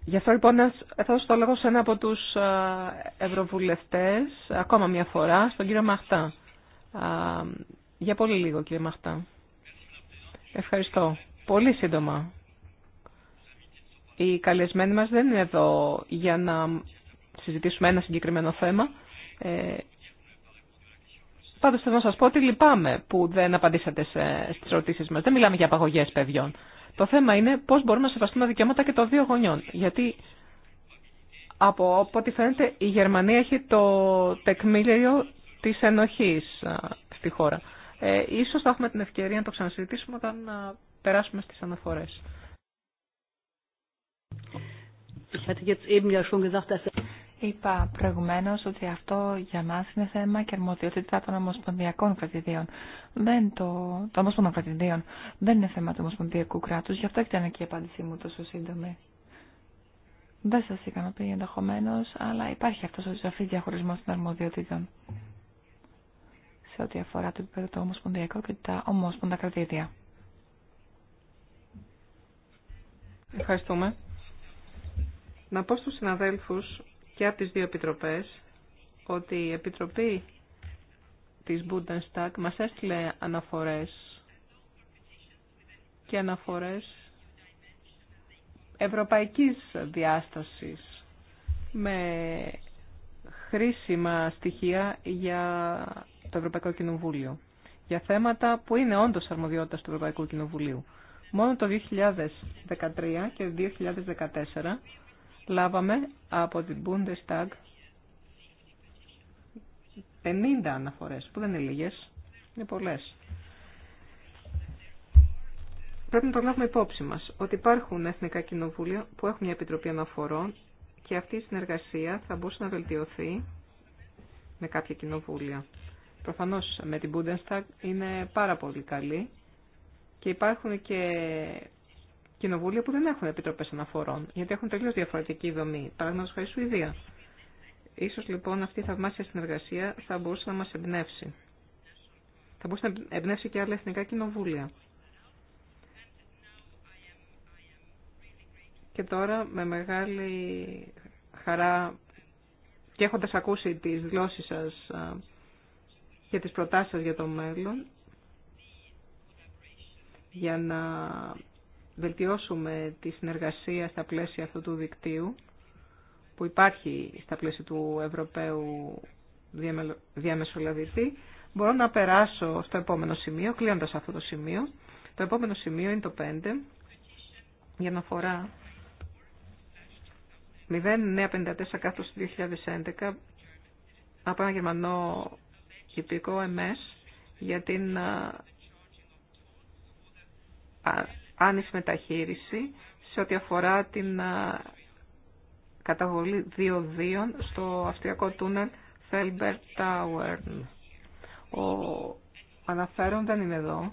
Γι' αυτό λοιπόν θα δώσω το λόγο σε ένα από τους ευρωβουλευτές, ακόμα μια φορά, στον κύριο Μαχτά. Για πολύ λίγο κύριε Μαχτά. Ευχαριστώ. Πολύ σύντομα. Οι καλεσμένοι μας δεν είναι εδώ για να συζητήσουμε ένα συγκεκριμένο θέμα. Ε, πάντως θέλω να σας πω ότι λυπάμαι που δεν απαντήσατε σε, στις ερωτήσεις μας. Δεν μιλάμε για απαγωγές παιδιών. Το θέμα είναι πώς μπορούμε να σεβαστούμε δικαιώματα και των δύο γονιών. Γιατί από ό,τι φαίνεται η Γερμανία έχει το τεκμήλιο της ενοχής στη χώρα. Ε, ίσως θα έχουμε την ευκαιρία να το ξανασυζητήσουμε όταν περάσουμε στις αναφορές. Είπα προηγουμένω ότι αυτό για μας είναι θέμα και αρμοδιότητα των ομοσπονδιακών κρατηδίων. Δεν το, το ομοσπονδιακών κρατηδίων δεν είναι θέμα του ομοσπονδιακού κράτους, γι' αυτό ήταν και η απάντησή μου τόσο σύντομη. Δεν σας ικανοποιεί ενδεχομένω, αλλά υπάρχει αυτός ο σαφής διαχωρισμός των αρμοδιοτήτων σε ό,τι αφορά το επίπεδο το ομοσπονδιακό και τα ομόσπονδα κρατήδια. Ευχαριστούμε. Να πω στους συναδέλφους και από τις δύο επιτροπές ότι η Επιτροπή της Bundestag μας έστειλε αναφορές και αναφορές ευρωπαϊκής διάστασης με χρήσιμα στοιχεία για το Ευρωπαϊκό Κοινοβούλιο για θέματα που είναι όντως αρμοδιότητας του Ευρωπαϊκού Κοινοβουλίου. Μόνο το 2013 και το 2014 λάβαμε από την Bundestag 50 αναφορές, που δεν είναι λίγες, είναι πολλές. Πρέπει να το λάβουμε υπόψη μας ότι υπάρχουν εθνικά κοινοβούλια που έχουν μια επιτροπή αναφορών και αυτή η συνεργασία θα μπορούσε να βελτιωθεί με κάποια κοινοβούλια. Προφανώς με την Bundestag είναι πάρα πολύ καλή και υπάρχουν και κοινοβούλια που δεν έχουν επίτροπε αναφορών, γιατί έχουν τελείω διαφορετική δομή. Παραδείγματο χάρη Σουηδία. Ίσως λοιπόν αυτή η θαυμάσια συνεργασία θα μπορούσε να μα εμπνεύσει. Θα μπορούσε να εμπνεύσει και άλλα εθνικά κοινοβούλια. Και τώρα με μεγάλη χαρά και έχοντα ακούσει τις δηλώσεις σας και τις προτάσεις για το μέλλον, για να βελτιώσουμε τη συνεργασία στα πλαίσια αυτού του δικτύου που υπάρχει στα πλαίσια του Ευρωπαίου διαμεσολαβητή, μπορώ να περάσω στο επόμενο σημείο, κλείνοντας αυτό το σημείο. Το επόμενο σημείο είναι το 5, για να αφορά 0954 κάθος 2011 από ένα γερμανό υπηκό MS για την άνηση μεταχείριση σε ό,τι αφορά την καταβολή διοδίων στο αυστριακό τούνελ Felbert Tower. Ο αναφέρον δεν είναι εδώ.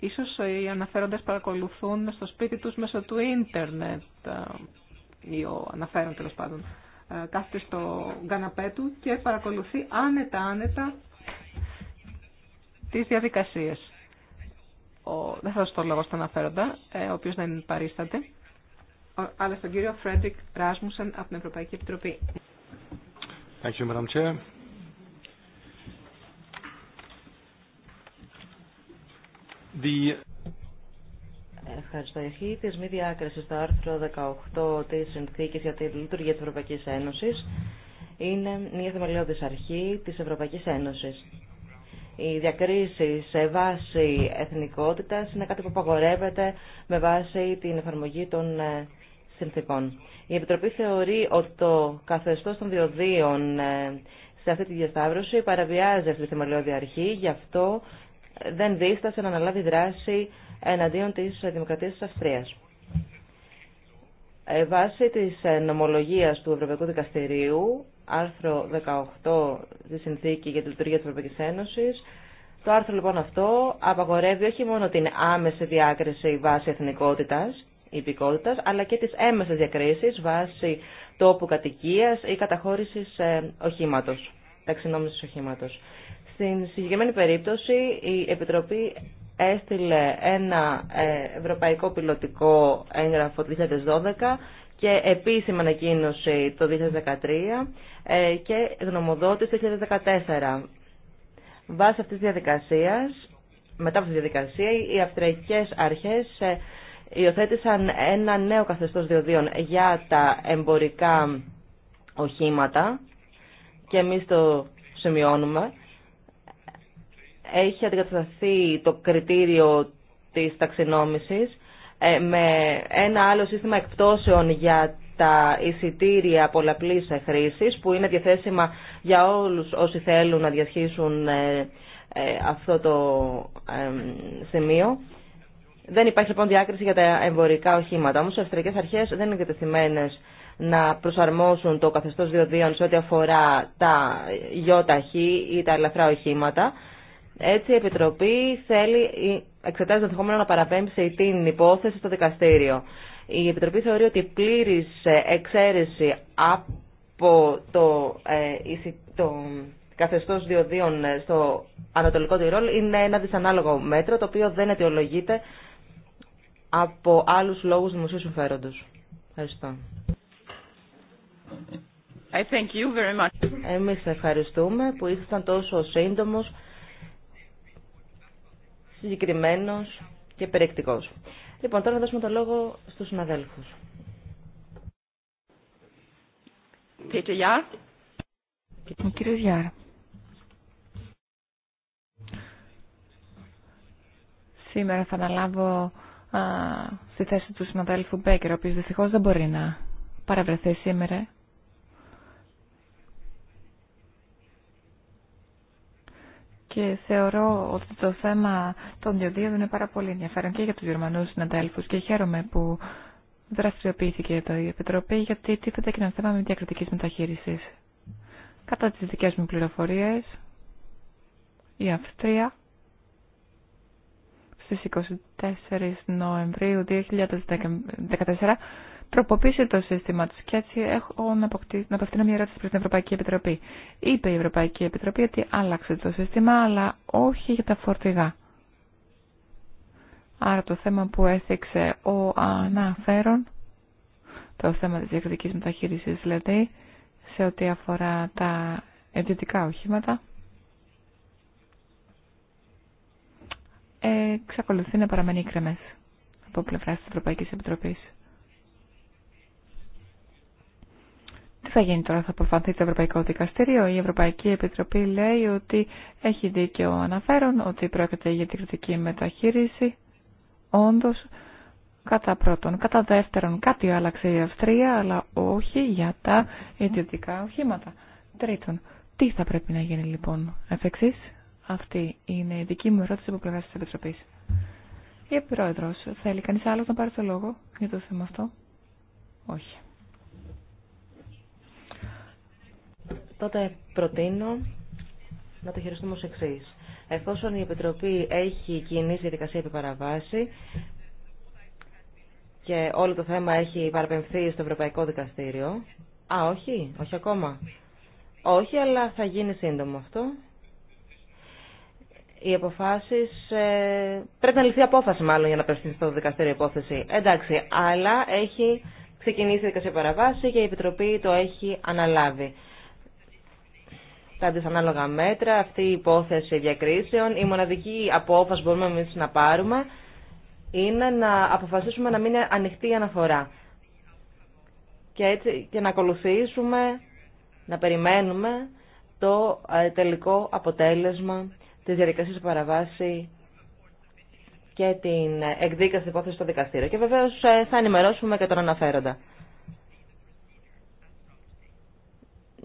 Ίσως οι αναφέροντες παρακολουθούν στο σπίτι τους μέσω του ίντερνετ ή ο αναφέρον τέλο πάντων. Ε, κάθεται στο γκαναπέ του και παρακολουθεί άνετα-άνετα τις διαδικασίες. δεν θα δώσω το λόγο στον αναφέροντα, ε, ο οποίο δεν παρίσταται, αλλά στον κύριο Φρέντρικ Ράσμουσεν από την Ευρωπαϊκή Επιτροπή. Ευχαριστώ. Η αρχή τη μη διάκριση στο άρθρο 18 τη Συνθήκη για τη Λειτουργία τη Ευρωπαϊκή Ένωση είναι μια θεμελιώδη αρχή τη Ευρωπαϊκή Ένωση οι διακρίσει σε βάση εθνικότητας είναι κάτι που απαγορεύεται με βάση την εφαρμογή των ε, συνθήκων. Η Επιτροπή θεωρεί ότι το καθεστώς των διοδίων ε, σε αυτή τη διασταύρωση παραβιάζει αυτή τη θεμελιώδη αρχή, γι' αυτό ε, δεν δίστασε να αναλάβει δράση εναντίον της Δημοκρατίας της Αυστρίας. Βάσει της νομολογίας του Ευρωπαϊκού Δικαστηρίου, άρθρο 18 τη Συνθήκη για τη Λειτουργία της Ευρωπαϊκής Ένωσης. Το άρθρο λοιπόν αυτό απαγορεύει όχι μόνο την άμεση διάκριση βάσει εθνικότητας, υπηκότητας, αλλά και τις έμεσες διακρίσεις βάσει τόπου κατοικίας ή καταχώρησης ε, οχήματος, ταξινόμησης οχήματος. Στην συγκεκριμένη περίπτωση η Επιτροπή έστειλε ένα ε, ευρωπαϊκό πιλωτικό έγγραφο 2012 και επίσημη ανακοίνωση το 2013 ε, και γνωμοδότηση το 2014. Βάσει αυτής της διαδικασίας, μετά από τη διαδικασία, οι αυστραϊκές αρχές ε, υιοθέτησαν ένα νέο καθεστώς διοδίων για τα εμπορικά οχήματα και εμείς το σημειώνουμε. Έχει αντικατασταθεί το κριτήριο της ταξινόμησης ε, με ένα άλλο σύστημα εκπτώσεων για τα εισιτήρια πολλαπλής χρήση, που είναι διαθέσιμα για όλους όσοι θέλουν να διασχίσουν ε, ε, αυτό το σημείο. Δεν υπάρχει λοιπόν διάκριση για τα εμπορικά οχήματα. Όμω οι αυστριακέ αρχέ δεν είναι κατευθυμένε να προσαρμόσουν το καθεστώ διοδίων σε ό,τι αφορά τα γιοταχή ή τα ελαφρά οχήματα. Έτσι η Επιτροπή θέλει, εξετάζει το ενδεχόμενο να παραπέμψει την υπόθεση στο δικαστήριο. Η Επιτροπή θεωρεί ότι η πλήρης ε, εξαίρεση από το, ε, το καθεστώς διοδίων ε, στο Ανατολικό Τυρόλ είναι ένα δυσανάλογο μέτρο το οποίο δεν αιτιολογείται από άλλους λόγους δημοσίου συμφέροντο. Ευχαριστώ. Εμεί ευχαριστούμε που ήσασταν τόσο σύντομο. Συγκεκριμένο και περιεκτικό. Λοιπόν, τώρα θα δώσουμε το λόγο στους συναδέλφους. Σήμερα θα αναλάβω α, στη θέση του συναδέλφου Μπέκερ, ο οποίος δυστυχώς δεν μπορεί να παραβρεθεί σήμερα και θεωρώ ότι το θέμα των διοδίων είναι πάρα πολύ ενδιαφέρον και για τους Γερμανούς συναντέλφους και χαίρομαι που δραστηριοποιήθηκε το η Επιτροπή γιατί τίθεται και ένα θέμα με διακριτική μεταχείριση. Κατά τις δικές μου πληροφορίες, η Αυστρία στις 24 Νοεμβρίου 2014 Τροποποίησε το σύστημα του. Και έτσι έχω να, αποκτήσει, να μια ερώτηση προ την Ευρωπαϊκή Επιτροπή. Είπε η Ευρωπαϊκή Επιτροπή ότι άλλαξε το σύστημα, αλλά όχι για τα φορτηγά. Άρα το θέμα που έθιξε ο αναφέρον, το θέμα της διακριτικής μεταχείρισης δηλαδή, σε ό,τι αφορά τα ιδιωτικά οχήματα, εξακολουθεί να παραμένει κρεμές από πλευρά της Ευρωπαϊκής Επιτροπής. θα γίνει τώρα, θα αποφανθεί το Ευρωπαϊκό Δικαστήριο. Η Ευρωπαϊκή Επιτροπή λέει ότι έχει δίκαιο αναφέρον, ότι πρόκειται για την κριτική μεταχείριση. όντω. κατά πρώτον. Κατά δεύτερον, κάτι άλλαξε η Αυστρία, αλλά όχι για τα ιδιωτικά οχήματα. Τρίτον, τι θα πρέπει να γίνει λοιπόν εφ' εξής. Αυτή είναι η δική μου ερώτηση από πλευρά τη Επιτροπή. Η Πρόεδρο, θέλει κανεί άλλο να πάρει το λόγο για το θέμα αυτό. Όχι. τότε προτείνω να το χειριστούμε ως εξή. Εφόσον η Επιτροπή έχει κινήσει διαδικασία παραβάση και όλο το θέμα έχει παραπεμφθεί στο Ευρωπαϊκό Δικαστήριο. Α, όχι, όχι ακόμα. Όχι, αλλά θα γίνει σύντομο αυτό. Οι αποφάσει. Ε, πρέπει να ληφθεί απόφαση, μάλλον, για να απευθυνθεί στο δικαστήριο υπόθεση. Εντάξει, αλλά έχει ξεκινήσει η δικασία παραβάση και η Επιτροπή το έχει αναλάβει τα αντισανάλογα μέτρα, αυτή η υπόθεση διακρίσεων. Η μοναδική απόφαση που μπορούμε εμείς να πάρουμε είναι να αποφασίσουμε να μην είναι ανοιχτή η αναφορά. Και έτσι και να ακολουθήσουμε, να περιμένουμε το ε, τελικό αποτέλεσμα της διαδικασίας παραβάση και την εκδίκαση υπόθεση στο δικαστήριο. Και βεβαίως ε, θα ενημερώσουμε και τον αναφέροντα.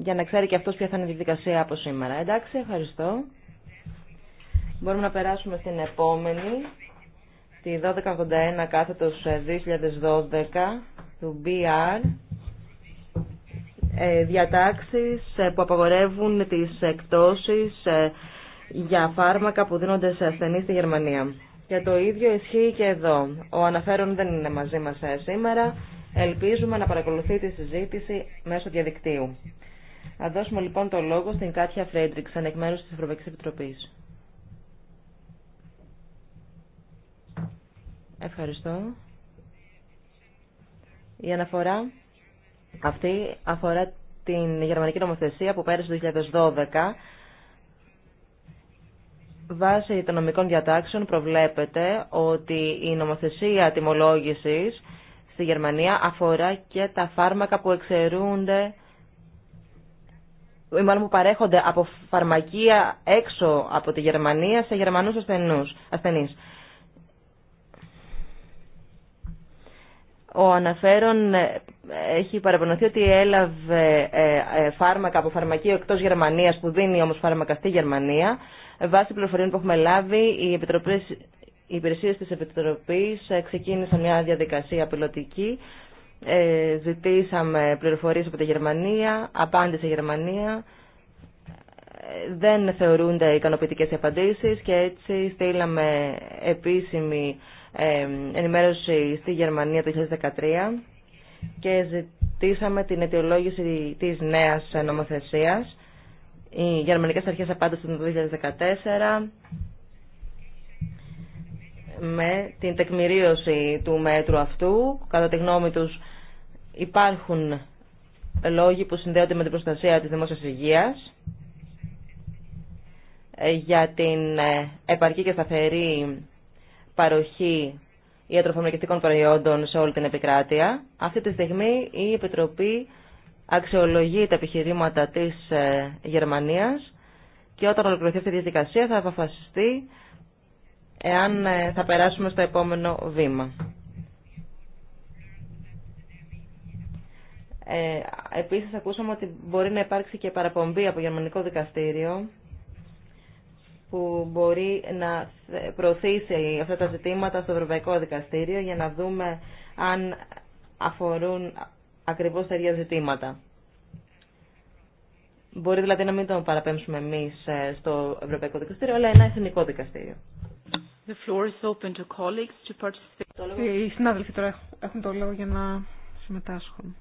για να ξέρει και αυτός ποια θα είναι η διαδικασία από σήμερα. Εντάξει, ευχαριστώ. Μπορούμε να περάσουμε στην επόμενη, τη 1281 κάθετος 2012 ε, του BR. Ε, διατάξεις ε, που απαγορεύουν τις εκτόσεις για φάρμακα που δίνονται σε ασθενείς στη Γερμανία. Και το ίδιο ισχύει και εδώ. Ο αναφέρον δεν είναι μαζί μας σήμερα. Ελπίζουμε να παρακολουθεί τη συζήτηση μέσω διαδικτύου. Να δώσουμε λοιπόν το λόγο στην Κάτια Φρέντριξ, εκ τη της Ευρωπαϊκής Ευχαριστώ. Η αναφορά αυτή αφορά την γερμανική νομοθεσία που πέρασε το 2012 Βάσει των νομικών διατάξεων προβλέπεται ότι η νομοθεσία τιμολόγησης στη Γερμανία αφορά και τα φάρμακα που εξαιρούνται ή μάλλον που παρέχονται από φαρμακεία έξω από τη Γερμανία σε Γερμανούς ασθενούς, ασθενείς. Ο αναφέρον ε, έχει παραπονωθεί ότι έλαβε ε, ε, φάρμακα από φαρμακείο εκτός Γερμανίας που δίνει όμως φάρμακα στη Γερμανία. Βάσει πληροφοριών που έχουμε λάβει, οι, επιτροπές, οι υπηρεσίες της Επιτροπής ξεκίνησαν μια διαδικασία πιλωτική ε, ζητήσαμε πληροφορίες από τη Γερμανία, απάντησε η Γερμανία, ε, δεν θεωρούνται ικανοποιητικές οι απαντήσεις και έτσι στείλαμε επίσημη ε, ενημέρωση στη Γερμανία το 2013 και ζητήσαμε την αιτιολόγηση της νέας νομοθεσίας. Οι γερμανικές αρχές απάντησαν το 2014 με την τεκμηρίωση του μέτρου αυτού. Κατά τη γνώμη τους Υπάρχουν λόγοι που συνδέονται με την προστασία της δημόσιας υγείας ε, για την ε, επαρκή και σταθερή παροχή ιατροφαρμακευτικών προϊόντων σε όλη την επικράτεια. Αυτή τη στιγμή η Επιτροπή αξιολογεί τα επιχειρήματα της ε, Γερμανίας και όταν ολοκληρωθεί αυτή η διαδικασία θα αποφασιστεί εάν θα περάσουμε στο επόμενο βήμα. Ε, επίσης ακούσαμε ότι μπορεί να υπάρξει και παραπομπή από γερμανικό δικαστήριο που μπορεί να προωθήσει αυτά τα ζητήματα στο Ευρωπαϊκό Δικαστήριο για να δούμε αν αφορούν ακριβώς τα ίδια ζητήματα. Μπορεί δηλαδή να μην το παραπέμψουμε εμείς ε, στο Ευρωπαϊκό Δικαστήριο, αλλά ένα εθνικό δικαστήριο. Οι συνάδελφοι τώρα έχουν το λόγο για να συμμετάσχουν.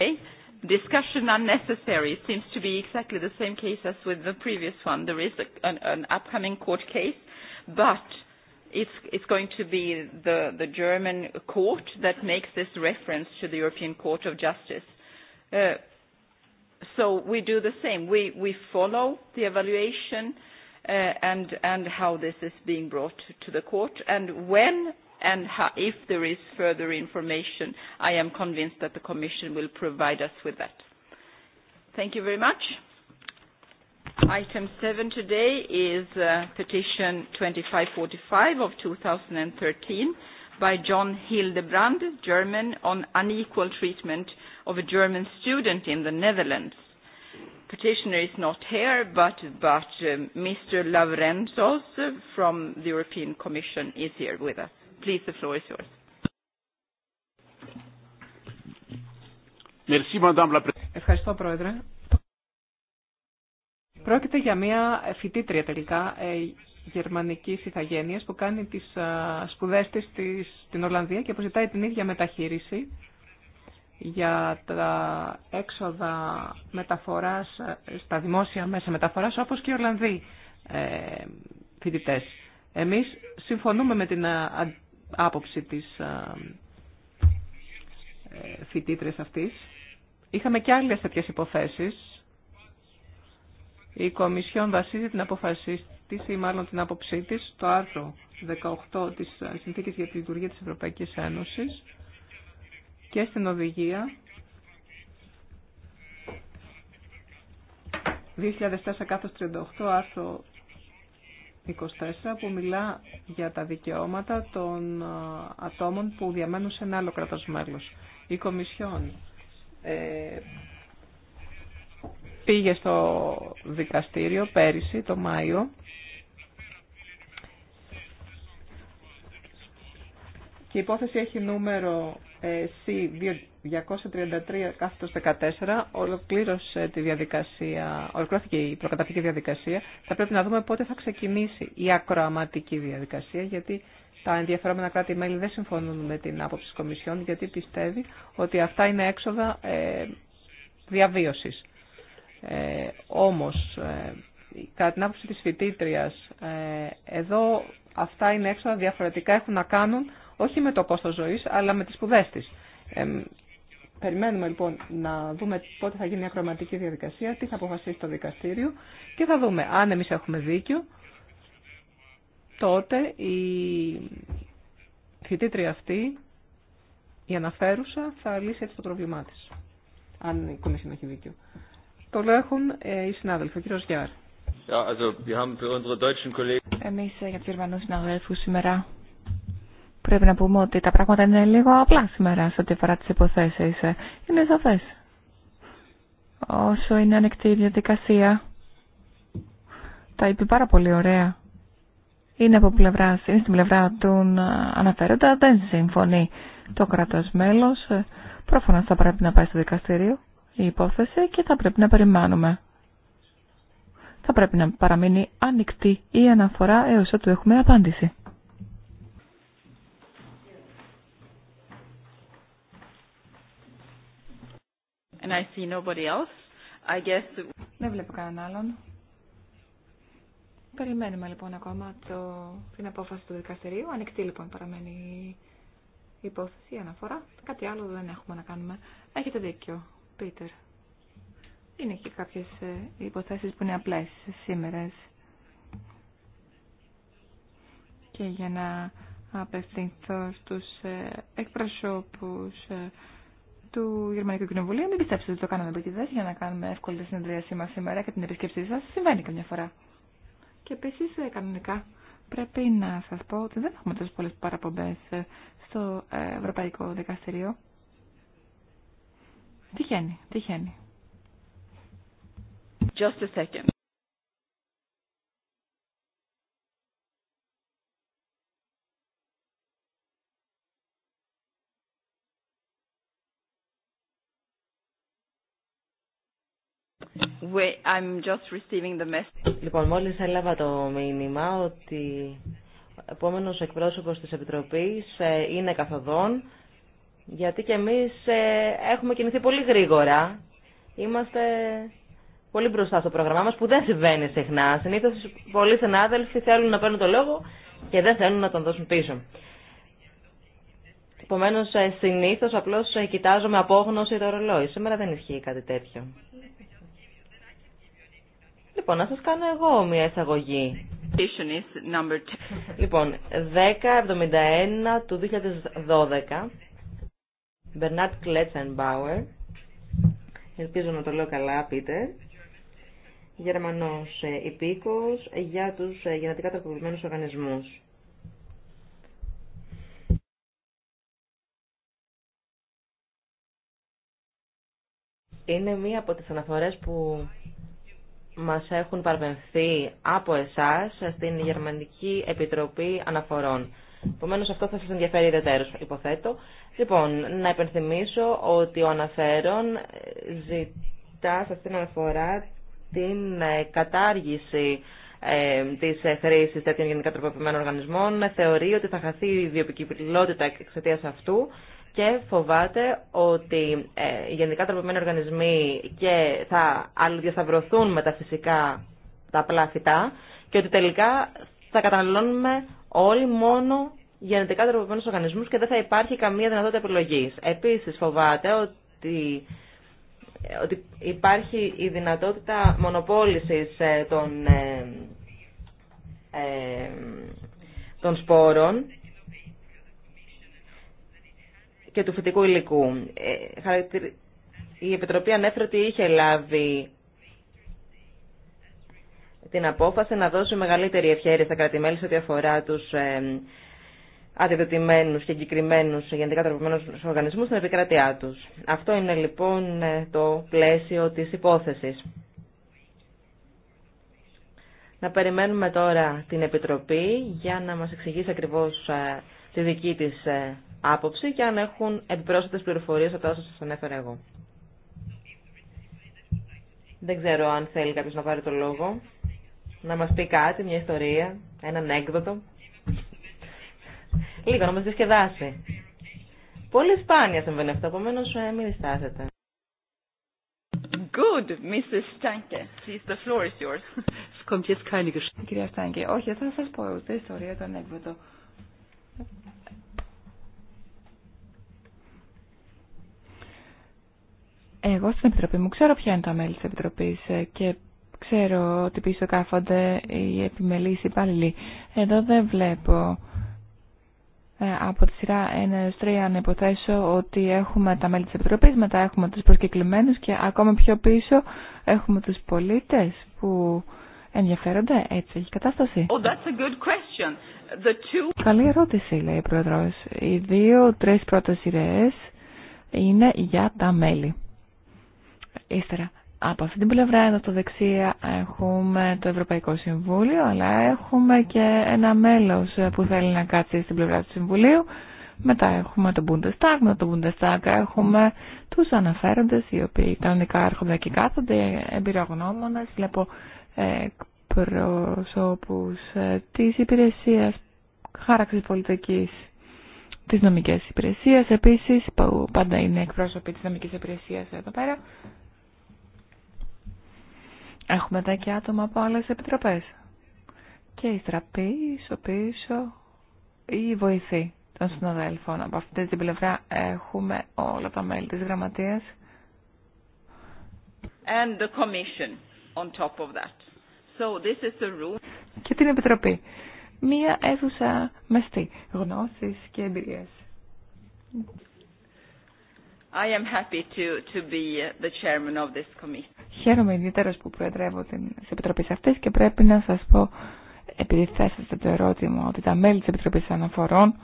A Discussion unnecessary. It seems to be exactly the same case as with the previous one. There is an, an upcoming court case, but it's, it's going to be the, the German court that makes this reference to the European Court of Justice. so we do the same. We, we follow the evaluation uh, and, and how this is being brought to the court. And when and if there is further information, I am convinced that the Commission will provide us with that. Thank you very much. Item 7 today is petition 2545 of 2013 by John Hildebrand, German, on unequal treatment of a German student in the Netherlands. Petitioner is not here, but Mr. Lavrentzos from the European Commission is here with us. Ευχαριστώ, Πρόεδρε. Πρόκειται για μια φοιτήτρια τελικά ε, γερμανικής ηθαγένειας που κάνει τις σπουδές της στην Ολλανδία και που την ίδια μεταχείριση για τα έξοδα μεταφοράς ε, στα δημόσια μέσα μεταφοράς όπως και οι Ολλανδοί ε, φοιτητές. Εμείς συμφωνούμε με την άποψη της ε, ε, φοιτήτρες αυτής. Είχαμε και άλλες τέτοιες υποθέσεις. Η Κομισιόν βασίζει την αποφασή της ή μάλλον την άποψή της στο άρθρο 18 της ε, Συνθήκης για τη Λειτουργία της Ευρωπαϊκής Ένωσης και στην Οδηγία 2004-38 άρθρο 24 που μιλά για τα δικαιώματα των ε, ατόμων που διαμένουν σε ένα άλλο κράτος μέλος. Η Κομισιόν ε, πήγε στο δικαστήριο πέρυσι, το Μάιο, και η υπόθεση έχει νούμερο ε, C233 14 ολοκλήρωσε τη διαδικασία, ολοκληρώθηκε η προκαταπτική διαδικασία. Θα πρέπει να δούμε πότε θα ξεκινήσει η ακροαματική διαδικασία, γιατί τα ενδιαφερόμενα κράτη-μέλη δεν συμφωνούν με την άποψη της Κομισιόν, γιατί πιστεύει ότι αυτά είναι έξοδα ε, διαβίωσης. Ε, όμως, ε, κατά την άποψη της φοιτήτριας, ε, εδώ αυτά είναι έξοδα διαφορετικά, έχουν να κάνουν όχι με το κόστος ζωής, αλλά με τις σπουδέ τη. περιμένουμε λοιπόν να δούμε πότε θα γίνει η ακροματική διαδικασία, τι θα αποφασίσει το δικαστήριο και θα δούμε αν εμεί έχουμε δίκιο, τότε η φοιτήτρια αυτή, η αναφέρουσα, θα λύσει έτσι το πρόβλημά της, αν η Κομισιόν έχει δίκιο. Το λέω έχουν ε, οι συνάδελφοι, ο κύριο Γιάρ. Εμείς ε, για τους Γερμανούς συναδέλφους σήμερα Πρέπει να πούμε ότι τα πράγματα είναι λίγο απλά σήμερα σε ό,τι αφορά τι υποθέσει. Είναι σαφέ. Όσο είναι ανοιχτή η διαδικασία, τα είπε πάρα πολύ ωραία. Είναι, από πλευρά, είναι στην πλευρά του αναφέροντα, δεν συμφωνεί το κράτο μέλος. Προφανώς θα πρέπει να πάει στο δικαστήριο η υπόθεση και θα πρέπει να περιμένουμε. Θα πρέπει να παραμείνει ανοιχτή η αναφορά έως ότου έχουμε απάντηση. And I see nobody else. I guess... Δεν βλέπω κανέναν άλλον. Περιμένουμε λοιπόν ακόμα το, την απόφαση του δικαστηρίου. Ανοιχτή λοιπόν παραμένει η υπόθεση, η αναφορά. Κάτι άλλο δεν έχουμε να κάνουμε. Έχετε δίκιο, Πίτερ. Είναι και κάποιες ε, υποθέσεις που είναι απλές σήμερα. Και για να απευθυνθώ στους ε, εκπροσώπους ε, του Γερμανικού Κοινοβουλίου. Μην πιστέψετε ότι το κάναμε επίτηδε για να κάνουμε εύκολη τη συνεδρίασή μα σήμερα και την επισκέψή σα. Συμβαίνει καμιά φορά. Και επίση, ε, κανονικά, πρέπει να σα πω ότι δεν έχουμε τόσε πολλέ παραπομπέ ε, στο ε, Ευρωπαϊκό Δικαστήριο. Τυχαίνει, τυχαίνει. Just a second. Λοιπόν, μόλι έλαβα το μήνυμα ότι ο επόμενος εκπρόσωπο τη Επιτροπή ε, είναι καθοδόν, γιατί και εμείς ε, έχουμε κινηθεί πολύ γρήγορα. Είμαστε πολύ μπροστά στο πρόγραμμά μα που δεν συμβαίνει συχνά. Συνήθω πολλοί συνάδελφοι θέλουν να παίρνουν το λόγο και δεν θέλουν να τον δώσουν πίσω. Επομένω, ε, συνήθω απλώ κοιτάζομαι απόγνωση το ρολόι. Σήμερα δεν ισχύει κάτι τέτοιο. Λοιπόν, να σας κάνω εγώ μια εισαγωγή. Λοιπόν, 1071 του 2012, Bernard Kletzenbauer, ελπίζω να το λέω καλά, πείτε, Γερμανός ε, υπήκος για τους ε, γενετικά τροποποιημένους οργανισμούς. Είναι μία από τις αναφορές που μας έχουν παρμευθεί από εσάς στην Γερμανική Επιτροπή Αναφορών. Επομένω αυτό θα σας ενδιαφέρει ιδιαίτερως, υποθέτω. Λοιπόν, να υπενθυμίσω ότι ο αναφέρον ζητά σε αυτήν την αναφορά την ε, κατάργηση ε, της ε, χρήση τέτοιων γενικά τροποποιημένων οργανισμών. Θεωρεί ότι θα χαθεί η βιοπικιλότητα εξαιτία αυτού και φοβάται ότι οι ε, γενικά τροποποιημένοι οργανισμοί και θα αλληλοδιασταυρωθούν με τα φυσικά, τα απλά φυτά και ότι τελικά θα καταναλώνουμε όλοι μόνο γενετικά τροποποιημένους οργανισμούς και δεν θα υπάρχει καμία δυνατότητα επιλογής. Επίσης φοβάται ότι ε, ότι υπάρχει η δυνατότητα μονοπόλησης ε, των, των σπόρων και του φυτικού υλικού. Ε, η Επιτροπή ανέφερε ότι είχε λάβει την απόφαση να δώσει μεγαλύτερη ευχαίρεια στα κρατημέλη σε ό,τι αφορά τους αντιδοτημένου και εγκεκριμένου γενικά τροποποιημένου οργανισμού στην επικράτειά του. Αυτό είναι λοιπόν ε, το πλαίσιο τη υπόθεση. Να περιμένουμε τώρα την Επιτροπή για να μας εξηγήσει ακριβώς ε, τη δική της άποψη και αν έχουν επιπρόσθετες πληροφορίες από όσα σας ανέφερα εγώ. Δεν ξέρω αν θέλει κάποιος να πάρει το λόγο, να μας πει κάτι, μια ιστορία, ένα ανέκδοτο. Λίγο να μας διασκεδάσει. Πολύ σπάνια συμβαίνει αυτό, επομένω ε, μην διστάσετε. Good, Mrs. Stanke. Please, the floor is yours. Kommt jetzt keine Geschichte. Κυρία Στάνκε, όχι, θα σας πω ούτε ιστορία, το ανέκδοτο. Εγώ στην Επιτροπή μου ξέρω ποια είναι τα μέλη της Επιτροπής ε, και ξέρω ότι πίσω κάθονται οι επιμελείς υπάλληλοι. Εδώ δεν βλέπω ε, από τη σειρά 1-3 να υποθέσω ότι έχουμε τα μέλη της Επιτροπής, μετά έχουμε τους προσκεκλημένους και ακόμα πιο πίσω έχουμε τους πολίτες που ενδιαφέρονται. Έτσι έχει κατάσταση. Oh, that's a good question. The two... Καλή ερώτηση λέει ο Πρόεδρος. Οι δύο-τρεις πρώτες σειρές είναι για τα μέλη. Ύστερα, από αυτή την πλευρά εδώ στο δεξί έχουμε το Ευρωπαϊκό Συμβούλιο, αλλά έχουμε και ένα μέλος που θέλει να κάτσει στην πλευρά του Συμβουλίου. Μετά έχουμε τον Bundestag, μετά τον Bundestag έχουμε τους αναφέροντες, οι οποίοι κανονικά έρχονται και κάθονται, εμπειρογνώμονες, βλέπω ε, εκπροσώπους ε, της υπηρεσίας χάραξη πολιτικής της νομικής υπηρεσίας, επίσης πάντα είναι εκπρόσωποι της νομικής υπηρεσίας εδώ πέρα. Έχουμε τα και άτομα από άλλε επιτροπέ. Και η στραπή, η πίσω ή η βοηθή των συναδέλφων. Από αυτή την πλευρά έχουμε όλα τα μέλη της γραμματείας. Και την Επιτροπή. Μία αίθουσα μεστή γνώσης και εμπειρίας. I am happy to, to be uh, the chairman of this committee. Χαίρομαι ιδιαίτερα που προεδρεύω την επιτροπή αυτή και πρέπει να σας πω, επειδή θέσατε το ερώτημα, ότι τα μέλη τη επιτροπή Αναφορών,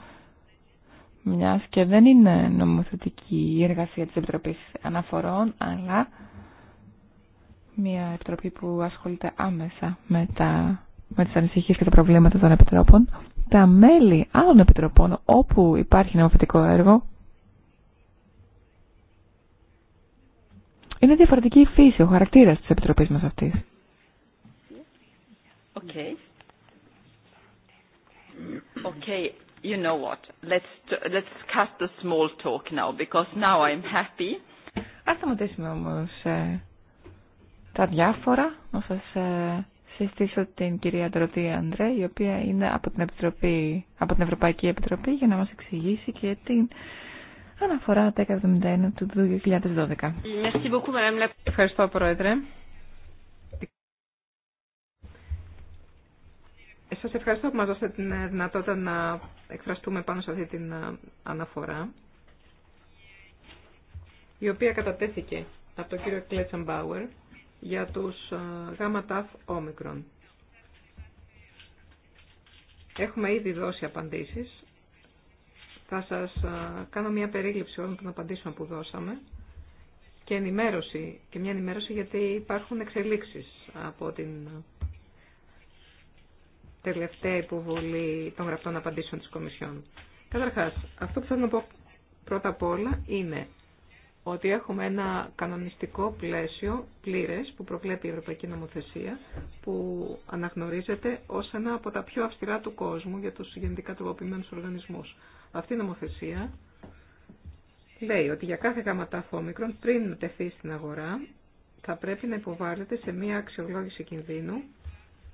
μια και δεν είναι νομοθετική η εργασία τη Επιτροπή Αναφορών, αλλά μια επιτροπή που ασχολείται άμεσα με, τα, με τις ανησυχίες και τα προβλήματα των επιτρόπων, τα μέλη άλλων επιτροπών όπου υπάρχει νομοθετικό έργο, Είναι διαφορετική η φύση, ο χαρακτήρας της Επιτροπής μας αυτής. Okay. Okay, you know what? Let's let's cut the small talk now because now I'm happy. Ας σταματήσουμε όμως ε, τα διάφορα. Να σας ε, συστήσω την κυρία Ντροτή Αντρέ, η οποία είναι από την, Επιτροπή, από την Ευρωπαϊκή Επιτροπή για να μας εξηγήσει και την Αναφορά 1071 του 2012. Ευχαριστώ, Πρόεδρε. Σας ευχαριστώ που μας δώσετε την δυνατότητα να εκφραστούμε πάνω σε αυτή την ε, αναφορά, η οποία κατατέθηκε από τον κύριο Μπάουερ για τους ε, γάμα όμικρον. Έχουμε ήδη δώσει απαντήσεις θα σας κάνω μια περίληψη όλων των απαντήσεων που δώσαμε και, ενημέρωση, και μια ενημέρωση γιατί υπάρχουν εξελίξεις από την τελευταία υποβολή των γραπτών απαντήσεων της Κομισιόν. Καταρχάς, αυτό που θέλω να πω πρώτα απ' όλα είναι ότι έχουμε ένα κανονιστικό πλαίσιο πλήρες που προβλέπει η Ευρωπαϊκή Νομοθεσία που αναγνωρίζεται ως ένα από τα πιο αυστηρά του κόσμου για τους γενετικά τροποποιημένους οργανισμούς. Αυτή η νομοθεσία λέει ότι για κάθε γαμματά όμικρον πριν τεθεί στην αγορά θα πρέπει να υποβάλλεται σε μία αξιολόγηση κινδύνου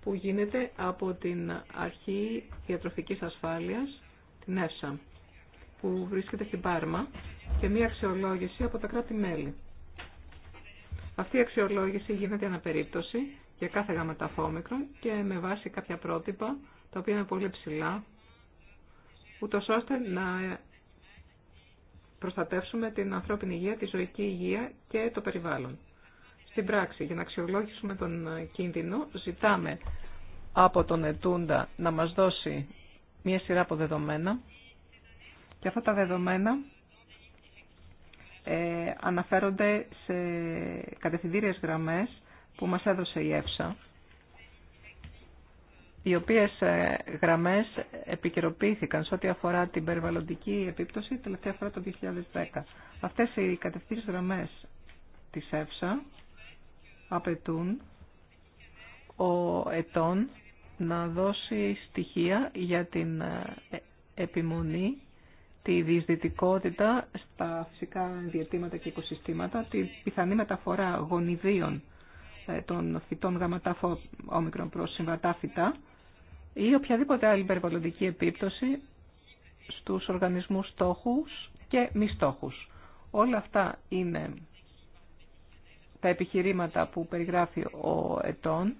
που γίνεται από την Αρχή Διατροφικής Ασφάλειας, την ΕΦΣΑ, που βρίσκεται στην Πάρμα και μία αξιολόγηση από τα κράτη-μέλη. Αυτή η αξιολόγηση γίνεται αναπερίπτωση για κάθε γαμματα και με βάση κάποια πρότυπα τα οποία είναι πολύ ψηλά ούτως ώστε να προστατεύσουμε την ανθρώπινη υγεία, τη ζωική υγεία και το περιβάλλον. Στην πράξη, για να αξιολόγησουμε τον κίνδυνο, ζητάμε από τον Ετούντα να μας δώσει μία σειρά από δεδομένα και αυτά τα δεδομένα ε, αναφέρονται σε κατευθυντήριες γραμμές που μας έδωσε η ΕΦΣΑ οι οποίες ε, γραμμές επικαιροποιήθηκαν σε ό,τι αφορά την περιβαλλοντική επίπτωση τελευταία φορά το 2010. Αυτές οι κατευθύνσεις γραμμές της ΕΦΣΑ απαιτούν ο ετών να δώσει στοιχεία για την ε, επιμονή, τη διεισδυτικότητα στα φυσικά διατήματα και οικοσυστήματα, τη πιθανή μεταφορά γονιδίων ε, των φυτών γαματάφω ομικρών προς συμβατά ή οποιαδήποτε άλλη περιβαλλοντική επίπτωση στους οργανισμούς στόχους και μη στόχους. Όλα αυτά είναι τα επιχειρήματα που περιγράφει ο Ετών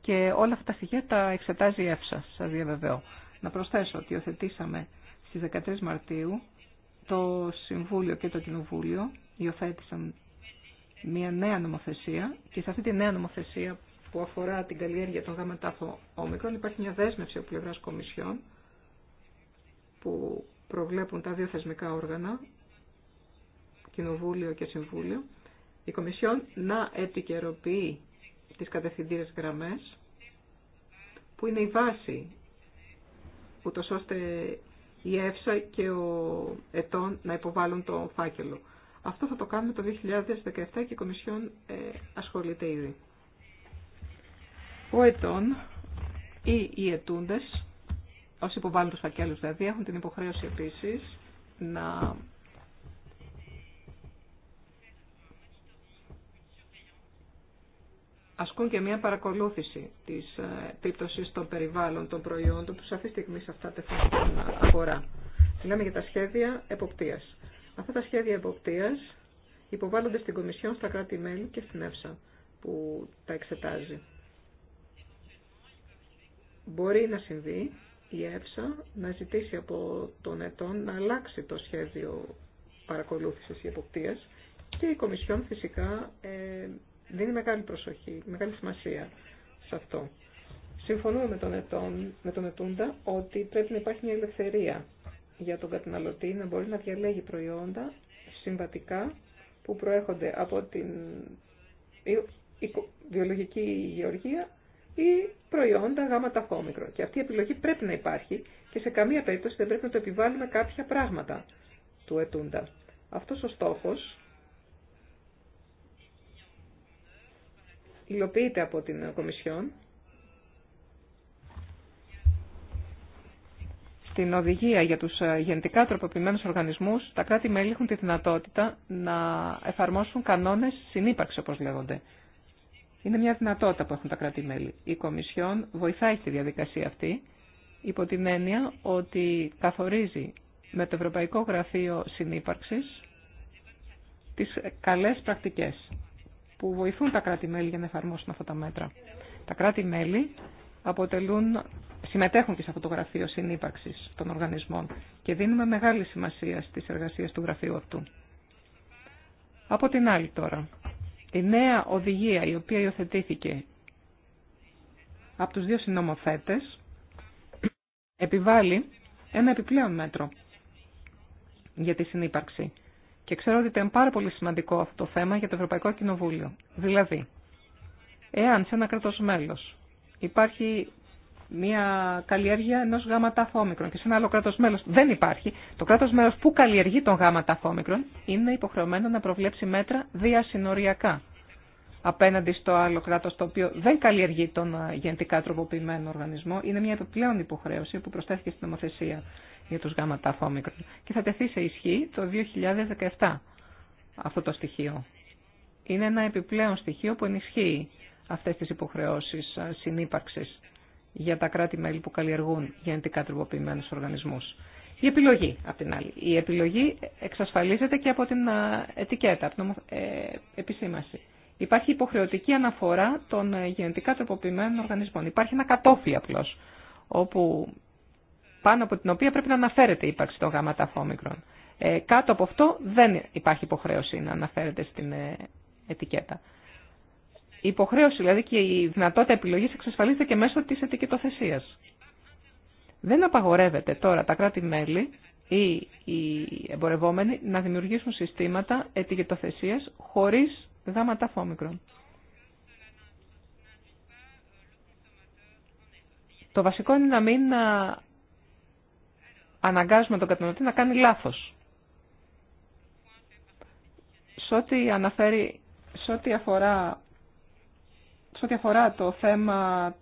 και όλα αυτά τα στοιχεία τα εξετάζει η ΕΦΣΑ, σας διαβεβαιώ. Να προσθέσω ότι υιοθετήσαμε στις 13 Μαρτίου το Συμβούλιο και το Κοινοβούλιο υιοθέτησαν μια νέα νομοθεσία και σε αυτή τη νέα νομοθεσία που αφορά την καλλιέργεια των γάμων όμικρων υπάρχει μια δέσμευση από πλευρά κομισιών που προβλέπουν τα δύο θεσμικά όργανα, Κοινοβούλιο και Συμβούλιο, η Κομισιόν να επικαιροποιεί τις κατευθυντήρες γραμμές που είναι η βάση ούτω ώστε η ΕΦΣΑ και ο ΕΤΟΝ να υποβάλουν το φάκελο. Αυτό θα το κάνουμε το 2017 και η Κομισιόν ε, ασχολείται ήδη ο ετών ή οι ετούντες, όσοι υποβάλλουν τους φακέλους δηλαδή, έχουν την υποχρέωση επίσης να ασκούν και μια παρακολούθηση της ε, επίπτωσης των περιβάλλων των προϊόντων που σε αυτή τη στιγμή σε αυτά αγορά. Μιλάμε για τα σχέδια εποπτείας. Αυτά τα σχέδια εποπτείας υποβάλλονται στην Κομισιόν, στα κράτη-μέλη και στην ΕΦΣΑ που τα εξετάζει μπορεί να συμβεί η ΕΦΣΑ να ζητήσει από τον ετών να αλλάξει το σχέδιο παρακολούθησης ή εποπτείας και η Κομισιόν φυσικά δίνει μεγάλη προσοχή, μεγάλη σημασία σε αυτό. Συμφωνούμε με τον, με τον Ετούντα ότι πρέπει να υπάρχει μια ελευθερία για τον καταναλωτή να μπορεί να διαλέγει προϊόντα συμβατικά που προέρχονται από την βιολογική γεωργία ή προϊόντα γάματα φόμικρο. Και αυτή η επιλογή πρέπει να υπάρχει και σε καμία περίπτωση δεν πρέπει να το επιβάλλουμε κάποια πράγματα του ετούντα. Αυτός ο στόχος υλοποιείται από την Κομισιόν στην οδηγία για τους ε, γενετικά τροποποιημένους οργανισμούς, τα κράτη-μέλη έχουν τη δυνατότητα να εφαρμόσουν κανόνες συνύπαρξη, όπως λέγονται. Είναι μια δυνατότητα που έχουν τα κράτη-μέλη. Η Κομισιόν βοηθάει στη διαδικασία αυτή υπό την έννοια ότι καθορίζει με το Ευρωπαϊκό Γραφείο Συνύπαρξης τις καλές πρακτικές που βοηθούν τα κράτη-μέλη για να εφαρμόσουν αυτά τα μέτρα. Τα κράτη-μέλη αποτελούν, συμμετέχουν και σε αυτό το Γραφείο Συνύπαρξης των οργανισμών και δίνουμε μεγάλη σημασία στις εργασίες του γραφείου αυτού. Από την άλλη τώρα, η νέα οδηγία η οποία υιοθετήθηκε από τους δύο συνομοθέτες επιβάλλει ένα επιπλέον μέτρο για τη συνύπαρξη. Και ξέρω ότι ήταν πάρα πολύ σημαντικό αυτό το θέμα για το Ευρωπαϊκό Κοινοβούλιο. Δηλαδή, εάν σε ένα κράτος μέλος υπάρχει μια καλλιέργεια ενός γάμα ταφόμικρον και σε ένα άλλο κράτος μέλος δεν υπάρχει, το κράτος μέλος που καλλιεργεί τον γάμα ταφόμικρον είναι υποχρεωμένο να προβλέψει μέτρα διασυνοριακά απέναντι στο άλλο κράτος το οποίο δεν καλλιεργεί τον γενετικά τροποποιημένο οργανισμό. Είναι μια επιπλέον υποχρέωση που προσθέθηκε στην νομοθεσία για τους γάμα ταφόμικρον και θα τεθεί σε ισχύ το 2017 αυτό το στοιχείο. Είναι ένα επιπλέον στοιχείο που ενισχύει αυτές τις υποχρεώσεις συνύπαρξης για τα κράτη-μέλη που καλλιεργούν γενετικά τροποποιημένου οργανισμού. Η επιλογή, απ' την άλλη. Η επιλογή εξασφαλίζεται και από την ετικέτα, από την ε, επισήμαση. Υπάρχει υποχρεωτική αναφορά των ε, γενετικά τροποποιημένων οργανισμών. Υπάρχει ένα κατόφλι απλώ, όπου πάνω από την οποία πρέπει να αναφέρεται η ύπαρξη των γάμματα φόμικρων. Ε, κάτω από αυτό δεν υπάρχει υποχρέωση να αναφέρεται στην ε, ετικέτα. Η υποχρέωση δηλαδή και η δυνατότητα επιλογής εξασφαλίζεται και μέσω της ετικετοθεσίας. Δεν απαγορεύεται τώρα τα κράτη-μέλη ή οι εμπορευόμενοι να δημιουργήσουν συστήματα ετικετοθεσίας χωρίς δάματα φόμικρον. Το βασικό είναι να μην αναγκάζουμε τον κατανοητή να κάνει λάθος. Σε αναφέρει, σε ό,τι αφορά σε ό,τι αφορά το θέμα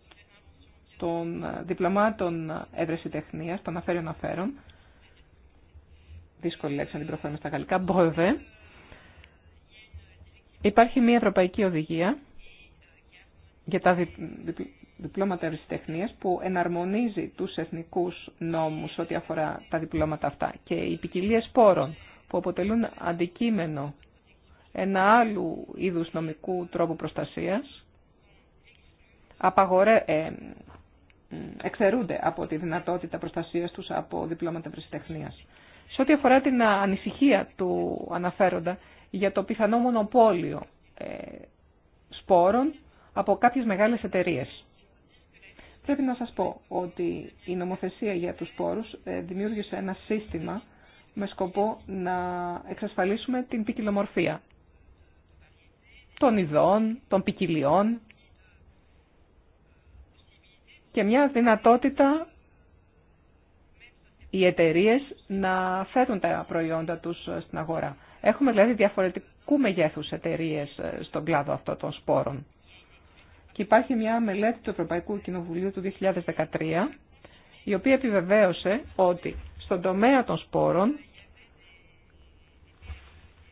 των διπλωμάτων τεχνία, των αφαίρεων αφαίρων, δύσκολη λέξη να την προφέρουμε στα γαλλικά, Μπορεί. υπάρχει μια ευρωπαϊκή οδηγία για τα διπλώματα τεχνία, που εναρμονίζει τους εθνικούς νόμους ό,τι αφορά τα διπλώματα αυτά και οι ποικιλίε πόρων που αποτελούν αντικείμενο ένα άλλου είδους νομικού τρόπου προστασίας απαγορε... ε, εξαιρούνται από τη δυνατότητα προστασίας τους από διπλώματα ευρεσιτεχνίας. Σε ό,τι αφορά την ε, ανησυχία του αναφέροντα για το πιθανό μονοπόλιο ε, σπόρων από κάποιες μεγάλες εταιρείες. Πρέπει να σας πω ότι η νομοθεσία για τους σπόρους ε, δημιούργησε ένα σύστημα με σκοπό να εξασφαλίσουμε την ποικιλομορφία των ειδών, των ποικιλιών και μια δυνατότητα οι εταιρείε να φέρουν τα προϊόντα τους στην αγορά. Έχουμε δηλαδή διαφορετικού μεγέθους εταιρείε ε, στον κλάδο αυτό των σπόρων. Και υπάρχει μια μελέτη του Ευρωπαϊκού Κοινοβουλίου του 2013, η οποία επιβεβαίωσε ότι στον τομέα των σπόρων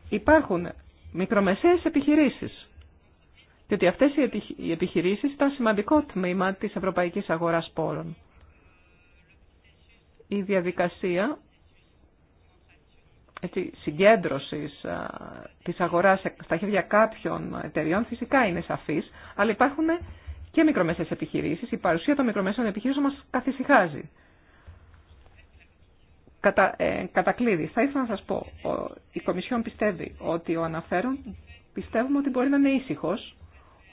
υπάρχουν μικρομεσαίες επιχειρήσεις διότι αυτές οι επιχειρήσεις ήταν σημαντικό τμήμα της ευρωπαϊκής αγοράς πόρων. Η διαδικασία έτσι, συγκέντρωσης α, της αγοράς στα χέρια κάποιων εταιριών φυσικά είναι σαφής, αλλά υπάρχουν και μικρομεσαίες επιχειρήσεις. Η παρουσία των μικρομέσων επιχειρήσεων μας καθησυχάζει. Κατα, ε, κατακλείδη, θα ήθελα να σας πω, η Κομισιόν πιστεύει ότι ο αναφέρον πιστεύουμε ότι μπορεί να είναι ήσυχο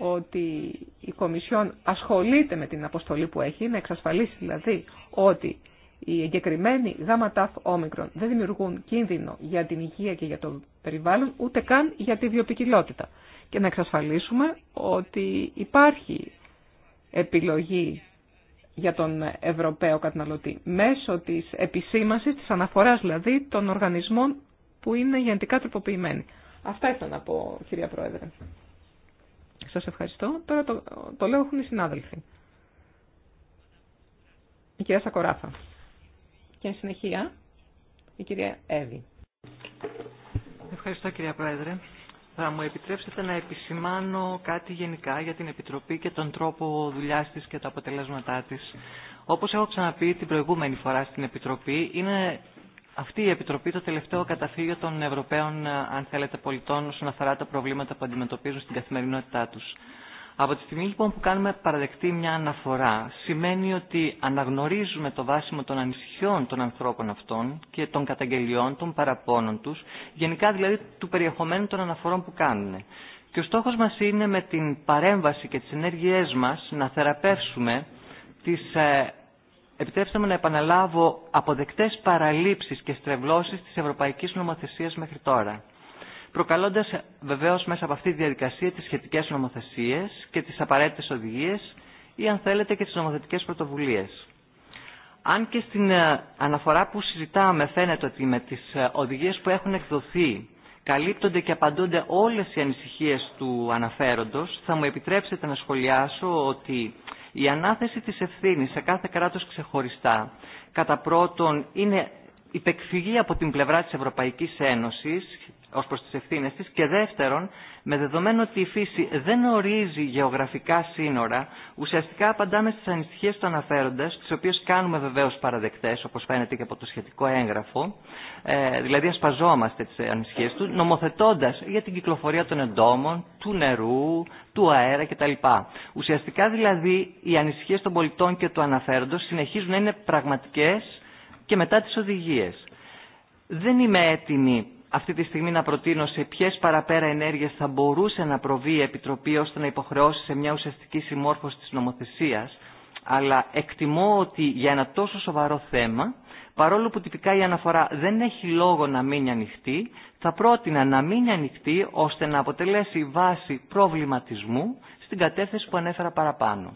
ότι η Κομισιόν ασχολείται με την αποστολή που έχει, να εξασφαλίσει δηλαδή ότι οι εγκεκριμένοι γάμα όμικρον δεν δημιουργούν κίνδυνο για την υγεία και για το περιβάλλον, ούτε καν για τη βιοπικιλότητα. Και να εξασφαλίσουμε ότι υπάρχει επιλογή για τον Ευρωπαίο καταναλωτή μέσω της επισήμασης, της αναφοράς δηλαδή των οργανισμών που είναι γενετικά τροποποιημένοι. Αυτά ήθελα να πω κυρία Πρόεδρε. Σα ευχαριστώ. Τώρα το, το λέω έχουν οι συνάδελφοι. Η κυρία Σακοράφα. Και συνεχεία η κυρία Εύη. Ευχαριστώ κυρία Πρόεδρε. Θα μου επιτρέψετε να επισημάνω κάτι γενικά για την Επιτροπή και τον τρόπο δουλειάς της και τα αποτελέσματά της. Όπως έχω ξαναπεί την προηγούμενη φορά στην Επιτροπή, είναι αυτή η Επιτροπή το τελευταίο καταφύγιο των Ευρωπαίων, ε, αν θέλετε, πολιτών όσον αφορά τα προβλήματα που αντιμετωπίζουν στην καθημερινότητά τους. Από τη στιγμή λοιπόν που κάνουμε παραδεκτή μια αναφορά, σημαίνει ότι αναγνωρίζουμε το βάσιμο των ανησυχιών των ανθρώπων αυτών και των καταγγελιών, των παραπώνων τους, γενικά δηλαδή του περιεχομένου των αναφορών που κάνουν. Και ο στόχος μας είναι με την παρέμβαση και τις ενέργειές μας να θεραπεύσουμε τις ε, επιτρέψτε μου να επαναλάβω αποδεκτές παραλήψεις και στρεβλώσεις της ευρωπαϊκής νομοθεσίας μέχρι τώρα προκαλώντας βεβαίως μέσα από αυτή τη διαδικασία τις σχετικές νομοθεσίες και τις απαραίτητες οδηγίες ή αν θέλετε και τις νομοθετικές πρωτοβουλίες. Αν και στην ε, αναφορά που συζητάμε φαίνεται ότι με τις ε, οδηγίες που έχουν εκδοθεί καλύπτονται και απαντούνται όλες οι ανησυχίες του αναφέροντος, θα μου επιτρέψετε να σχολιάσω ότι η ανάθεση της ευθύνης σε κάθε κράτος ξεχωριστά, κατά πρώτον, είναι υπεκφυγή από την πλευρά της Ευρωπαϊκής Ένωσης ως προς τις ευθύνες της και δεύτερον, με δεδομένο ότι η φύση δεν ορίζει γεωγραφικά σύνορα, ουσιαστικά απαντάμε στις ανησυχίες του αναφέροντας, τις οποίες κάνουμε βεβαίως παραδεκτές, όπως φαίνεται και από το σχετικό έγγραφο, ε, δηλαδή ασπαζόμαστε τις ανησυχίες του, νομοθετώντας για την κυκλοφορία των εντόμων, του νερού, του αέρα κτλ. Ουσιαστικά δηλαδή οι ανησυχίες των πολιτών και του αναφέροντος συνεχίζουν να είναι πραγματικές και μετά τις οδηγίες. Δεν είμαι έτοιμη αυτή τη στιγμή να προτείνω σε ποιε παραπέρα ενέργειε θα μπορούσε να προβεί η Επιτροπή ώστε να υποχρεώσει σε μια ουσιαστική συμμόρφωση τη νομοθεσία, αλλά εκτιμώ ότι για ένα τόσο σοβαρό θέμα, παρόλο που τυπικά η αναφορά δεν έχει λόγο να μείνει ανοιχτή, θα πρότεινα να μείνει ανοιχτή ώστε να αποτελέσει βάση προβληματισμού στην κατεύθυνση που ανέφερα παραπάνω.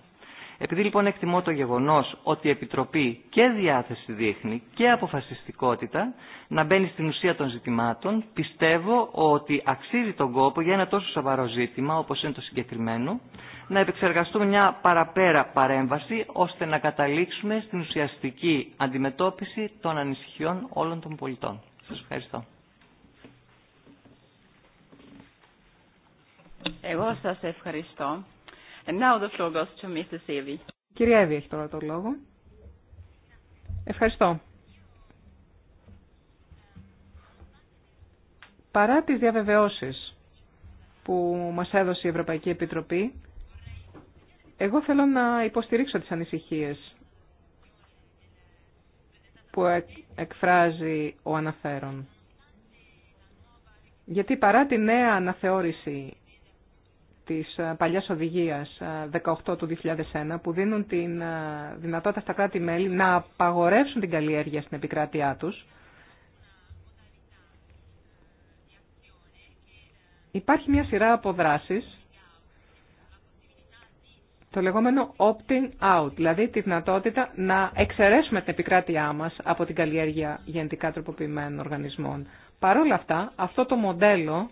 Επειδή λοιπόν εκτιμώ το γεγονός ότι η Επιτροπή και διάθεση δείχνει και αποφασιστικότητα να μπαίνει στην ουσία των ζητημάτων, πιστεύω ότι αξίζει τον κόπο για ένα τόσο σοβαρό ζήτημα όπως είναι το συγκεκριμένο, να επεξεργαστούμε μια παραπέρα παρέμβαση ώστε να καταλήξουμε στην ουσιαστική αντιμετώπιση των ανησυχιών όλων των πολιτών. Σας ευχαριστώ. Εγώ σας ευχαριστώ. And Κυρία Εύη έχει τώρα το λόγο. Ευχαριστώ. Παρά τις διαβεβαιώσεις που μας έδωσε η Ευρωπαϊκή Επιτροπή, εγώ θέλω να υποστηρίξω τις ανησυχίες που εκφράζει ο αναφέρον. Γιατί παρά τη νέα αναθεώρηση της ε, παλιάς οδηγίας 18 ε, του 2001 που δίνουν τη ε, δυνατότητα στα κράτη-μέλη να απαγορεύσουν την καλλιέργεια στην επικράτειά τους. Υπάρχει μια σειρά από δράσεις, το λεγόμενο opting out, δηλαδή τη δυνατότητα να εξαιρέσουμε την επικράτειά μας από την καλλιέργεια γενετικά τροποποιημένων οργανισμών. Παρ' όλα αυτά, αυτό το μοντέλο,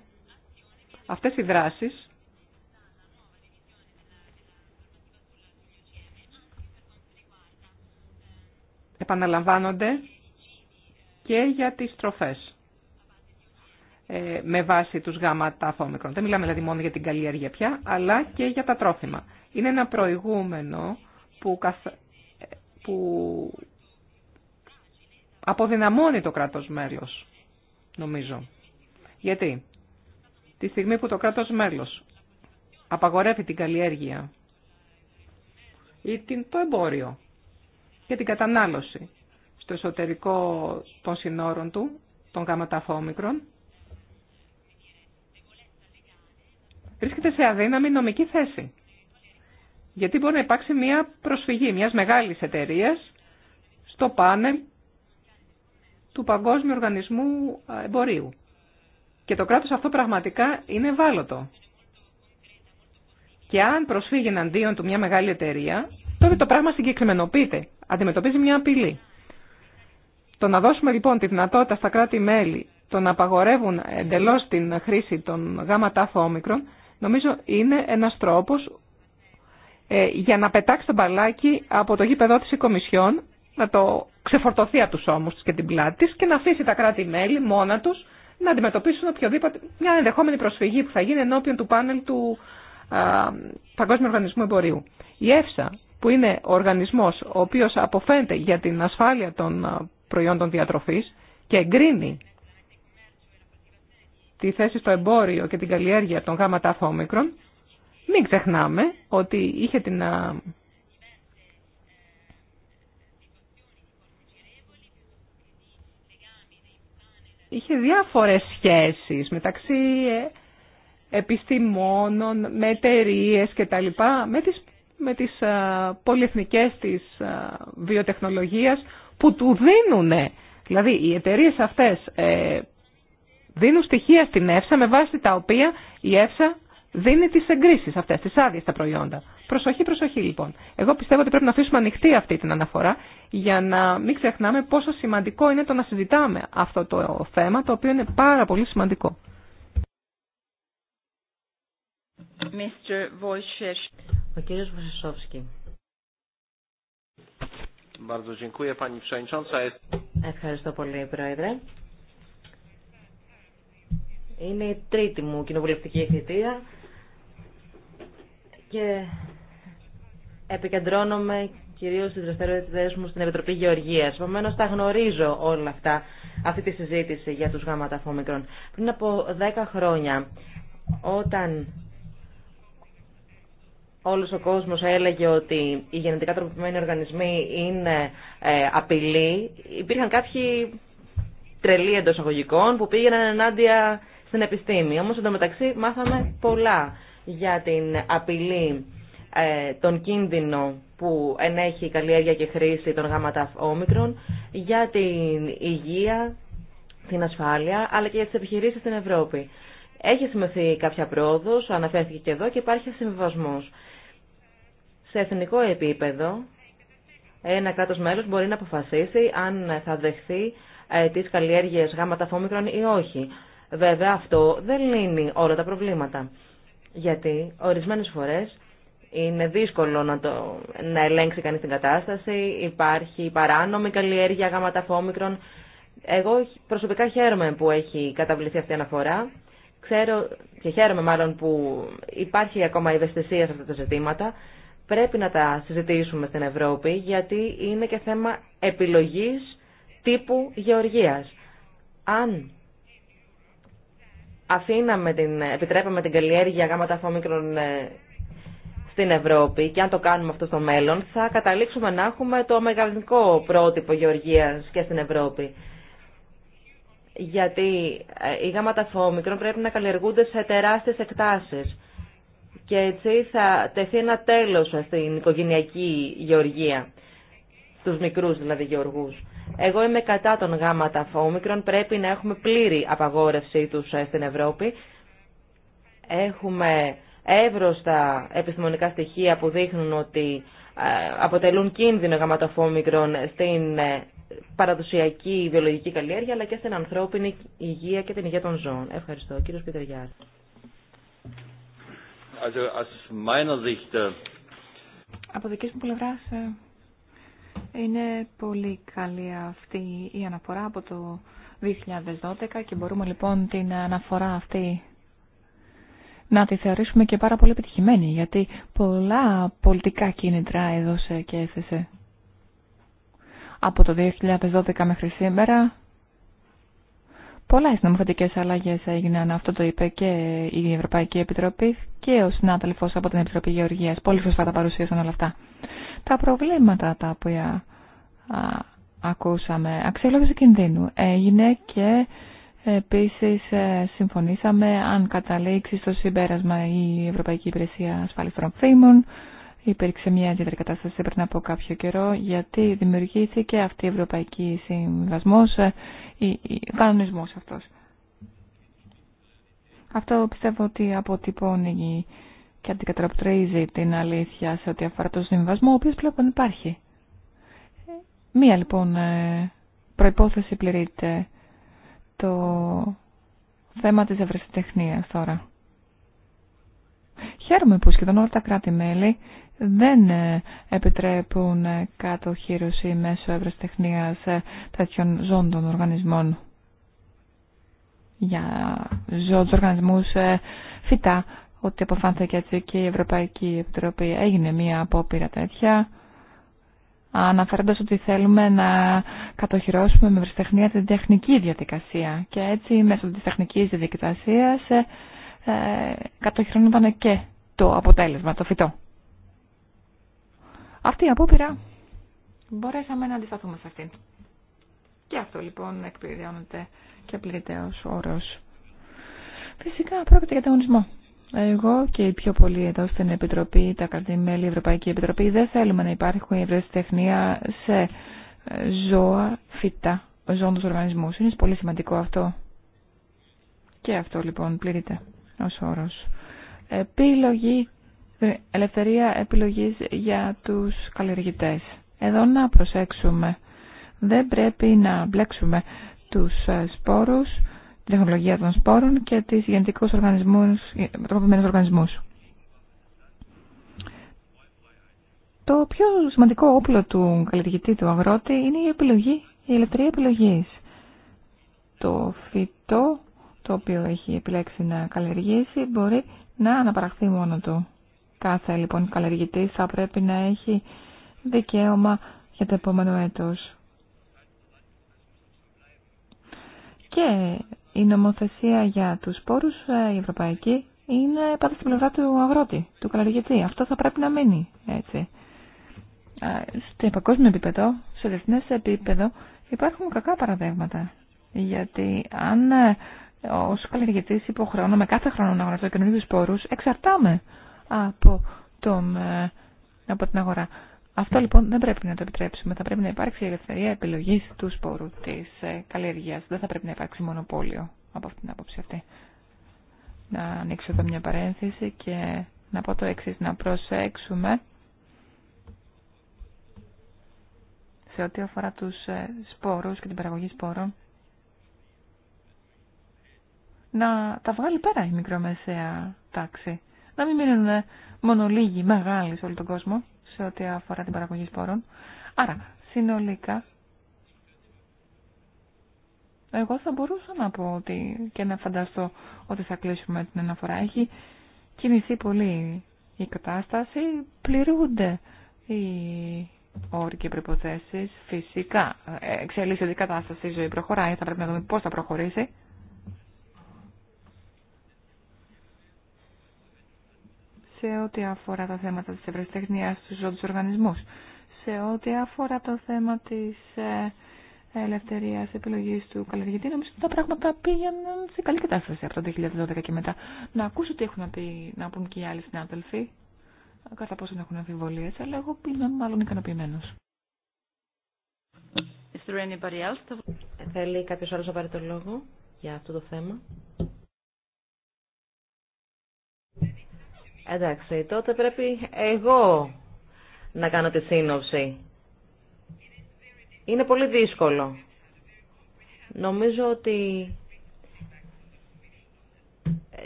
αυτές οι δράσεις επαναλαμβάνονται και για τις τροφές ε, με βάση τους γάμα τα Δεν μιλάμε δηλαδή μόνο για την καλλιέργεια πια, αλλά και για τα τρόφιμα. Είναι ένα προηγούμενο που, που αποδυναμώνει το κράτος μέλος, νομίζω. Γιατί τη στιγμή που το κράτος μέλος απαγορεύει την καλλιέργεια ή την το εμπόριο για την κατανάλωση στο εσωτερικό των συνόρων του, των γαματαφόμικρων, βρίσκεται σε αδύναμη νομική θέση. Γιατί μπορεί να υπάρξει μια προσφυγή μιας μεγάλης εταιρείας στο πάνελ του Παγκόσμιου Οργανισμού Εμπορίου. Και το κράτος αυτό πραγματικά είναι ευάλωτο. Και αν προσφύγει εναντίον του μια μεγάλη εταιρεία, τότε το πράγμα συγκεκριμενοποιείται αντιμετωπίζει μια απειλή. Το να δώσουμε λοιπόν τη δυνατότητα στα κράτη-μέλη το να απαγορεύουν εντελώς την χρήση των γάμα όμικρων, νομίζω είναι ένας τρόπος ε, για να πετάξει το μπαλάκι από το γήπεδό της Κομισιόν, να το ξεφορτωθεί από τους ώμους της και την πλάτη της και να αφήσει τα κράτη-μέλη μόνα τους να αντιμετωπίσουν οποιοδήποτε, μια ενδεχόμενη προσφυγή που θα γίνει ενώπιον του πάνελ του α, Παγκόσμιου Οργανισμού Εμπορίου. Η ΕΦΣΑ που είναι ο οργανισμός ο οποίος αποφαίνεται για την ασφάλεια των ε, προϊόντων διατροφής και εγκρίνει τη θέση στο εμπόριο και την καλλιέργεια των γάμα ομικρών, μην ξεχνάμε ότι είχε την ε, είχε διάφορες σχέσεις μεταξύ ε, επιστημόνων, με εταιρείε και τα με τις με τις ε, πολυεθνικές της ε, βιοτεχνολογίας που του δίνουν. Δηλαδή οι εταιρείε αυτές ε, δίνουν στοιχεία στην ΕΦΣΑ με βάση τα οποία η ΕΦΣΑ δίνει τις εγκρίσεις αυτές, τις άδειε στα προϊόντα. Προσοχή, προσοχή λοιπόν. Εγώ πιστεύω ότι πρέπει να αφήσουμε ανοιχτή αυτή την αναφορά για να μην ξεχνάμε πόσο σημαντικό είναι το να συζητάμε αυτό το θέμα, το οποίο είναι πάρα πολύ σημαντικό. Ο κύριος Βασισόφσκι. Ευχαριστώ πολύ, Πρόεδρε. Είναι η τρίτη μου κοινοβουλευτική εκθετία και επικεντρώνομαι κυρίως στις δραστηριότητες μου στην Επιτροπή Γεωργίας. Επομένω τα γνωρίζω όλα αυτά, αυτή τη συζήτηση για τους γάμματα φόμικρων. Πριν από 10 χρόνια, όταν όλος ο κόσμος έλεγε ότι οι γενετικά τροποποιημένοι οργανισμοί είναι ε, απειλή, υπήρχαν κάποιοι τρελοί εντό αγωγικών που πήγαιναν ενάντια στην επιστήμη. Όμως μεταξύ, μάθαμε πολλά για την απειλή, ε, τον κίνδυνο που ενέχει η καλλιέργεια και χρήση των γάματα όμικρων, για την υγεία, την ασφάλεια, αλλά και για τις επιχειρήσεις στην Ευρώπη. Έχει σημειωθεί κάποια πρόοδο, αναφέρθηκε και εδώ και υπάρχει συμβιβασμός σε εθνικό επίπεδο ένα κράτος μέλος μπορεί να αποφασίσει αν θα δεχθεί ε, τις καλλιέργειες γάμματα φόμικρον ή όχι. Βέβαια αυτό δεν λύνει όλα τα προβλήματα. Γιατί ορισμένες φορές είναι δύσκολο να, το, να ελέγξει κανείς την κατάσταση, υπάρχει παράνομη καλλιέργεια γάμματα φόμικρον. Εγώ προσωπικά χαίρομαι που έχει καταβληθεί αυτή η αναφορά. Ξέρω και χαίρομαι μάλλον που υπάρχει ακόμα ευαισθησία σε αυτά τα ζητήματα πρέπει να τα συζητήσουμε στην Ευρώπη γιατί είναι και θέμα επιλογής τύπου γεωργίας. Αν αφήναμε την, επιτρέπαμε την καλλιέργεια γάμματα αφόμικρων ε, στην Ευρώπη και αν το κάνουμε αυτό στο μέλλον θα καταλήξουμε να έχουμε το μεγαλυντικό πρότυπο γεωργίας και στην Ευρώπη. Γιατί οι ε, γάμματα αφόμικρων πρέπει να καλλιεργούνται σε τεράστιες εκτάσεις και έτσι θα τεθεί ένα τέλος στην οικογενειακή γεωργία, τους μικρούς δηλαδή γεωργούς. Εγώ είμαι κατά των γάματα ταφόμικρων, πρέπει να έχουμε πλήρη απαγόρευση τους ε, στην Ευρώπη. Έχουμε εύρωστα επιστημονικά στοιχεία που δείχνουν ότι ε, αποτελούν κίνδυνο γαματοφόμικρον στην ε, παραδοσιακή βιολογική καλλιέργεια αλλά και στην ανθρώπινη υγεία και την υγεία των ζώων. Ευχαριστώ. Κύριος Πιτεριάς also aus meiner Sicht... Äh, από δική μου πλευρά ε, είναι πολύ καλή αυτή η αναφορά από το 2012 και μπορούμε λοιπόν την αναφορά αυτή να τη θεωρήσουμε και πάρα πολύ επιτυχημένη γιατί πολλά πολιτικά κίνητρα έδωσε και έθεσε. Από το 2012 μέχρι σήμερα Πολλές νομοθετικές αλλαγέ έγιναν, αυτό το είπε και η Ευρωπαϊκή Επιτροπή και ο συνάδελφο από την Επιτροπή Γεωργίας. Πολύ σωστά τα παρουσίασαν όλα αυτά. Τα προβλήματα τα οποία ακούσαμε, αξιολόγηση κινδύνου έγινε και επίση ε, συμφωνήσαμε αν καταλήξει στο συμπέρασμα η Ευρωπαϊκή Υπηρεσία Ασφάλιση Υπήρξε μια ιδιαίτερη κατάσταση πριν από κάποιο καιρό γιατί δημιουργήθηκε αυτή η Ευρωπαϊκή Συμβασμός, ε, ο κανονισμό αυτός. Αυτό πιστεύω ότι αποτυπώνει και αντικατροπτρίζει την αλήθεια σε ό,τι αφορά το συμβασμό, ο οποίος πλέον υπάρχει. Μία λοιπόν ε, προϋπόθεση πληρείται το θέμα της ευρεσιτεχνίας τώρα. Χαίρομαι που σχεδόν όλα τα κράτη-μέλη δεν ε, επιτρέπουν ε, κατοχύρωση μέσω ευρωστεχνίας ε, τέτοιων ζώντων οργανισμών για ζώντους οργανισμούς φυτά ότι αποφάνθηκε έτσι και η Ευρωπαϊκή Επιτροπή έγινε μία απόπειρα τέτοια αναφέροντας ότι θέλουμε να κατοχυρώσουμε με βρεστεχνία την τεχνική διαδικασία και έτσι μέσω της τεχνικής διαδικασίας ε, κατοχυρώνονταν και το αποτέλεσμα, το φυτό. Αυτή η απόπειρα μπορέσαμε να αντισταθούμε σε αυτήν. Και αυτό λοιπόν εκπληρώνεται και πληρείται ω όρο. Φυσικά πρόκειται για τονισμό. Εγώ και οι πιο πολλοί εδώ στην Επιτροπή, τα κρατημέλη, Ευρωπαϊκή Επιτροπή, δεν θέλουμε να υπάρχουν ευρεσιτεχνία σε ε, ζώα, φυτά, ζώντου οργανισμού. Είναι πολύ σημαντικό αυτό. Και αυτό λοιπόν πληρείται ω όρο. Επίλογη ελευθερία επιλογής για τους καλλιεργητές. Εδώ να προσέξουμε. Δεν πρέπει να μπλέξουμε τους ε, σπόρους, την τεχνολογία των σπόρων και τις γενετικούς οργανισμούς, τροποποιημένους οργανισμούς. Το πιο σημαντικό όπλο του καλλιεργητή, του αγρότη, είναι η επιλογή, η ελευθερία επιλογής. Το φυτό το οποίο έχει επιλέξει να καλλιεργήσει μπορεί να αναπαραχθεί μόνο του. Κάθε λοιπόν καλλιεργητής θα πρέπει να έχει δικαίωμα για το επόμενο έτος. Και η νομοθεσία για τους πόρους ε, η ευρωπαϊκή είναι πάντα στην πλευρά του αγρότη, του καλλιεργητή. Αυτό θα πρέπει να μείνει έτσι. Στο παγκόσμιο επίπεδο, σε διεθνέ επίπεδο, υπάρχουν κακά παραδείγματα. Γιατί αν ε, ω καλλιεργητή υποχρεώνουμε κάθε χρόνο να αγοράζω καινούριου πόρου, εξαρτάμε από, τον, ε, από την αγορά. Αυτό λοιπόν δεν πρέπει να το επιτρέψουμε. Θα πρέπει να υπάρξει η ελευθερία επιλογή του σπόρου τη ε, καλλιεργία. Δεν θα πρέπει να υπάρξει μονοπόλιο από αυτήν την άποψη αυτή. Να ανοίξω εδώ μια παρένθεση και να πω το εξή. Να προσέξουμε σε ό,τι αφορά του ε, σπόρου και την παραγωγή σπόρων. Να τα βγάλει πέρα η μικρομεσαία τάξη να μην μείνουν ε, μόνο λίγοι μεγάλοι σε όλο τον κόσμο σε ό,τι αφορά την παραγωγή σπόρων. Άρα, συνολικά, εγώ θα μπορούσα να πω ότι και να φανταστώ ότι θα κλείσουμε την αναφορά. Έχει κινηθεί πολύ η κατάσταση, πληρούνται οι όροι και προποθέσει. Φυσικά, ε, εξελίσσεται η κατάσταση, η ζωή προχωράει, θα πρέπει να δούμε πώς θα προχωρήσει. σε ό,τι αφορά τα θέματα της ευρεσιτεχνίας στους ζώντους οργανισμούς, σε ό,τι αφορά το θέμα της ε, ελευθερίας επιλογής του καλλιεργητή, νομίζω ότι τα πράγματα πήγαιναν σε καλή κατάσταση από το 2012 και μετά. Να ακούσω τι έχουν να, πει, να πούν και οι άλλοι συνάδελφοι, κατά πόσο έχουν αμφιβολίες, αλλά εγώ είμαι μάλλον ικανοποιημένος. Θέλει κάποιος άλλος να πάρει το λόγο για αυτό το θέμα. Εντάξει, τότε πρέπει εγώ να κάνω τη σύνοψη. Είναι πολύ δύσκολο. Νομίζω ότι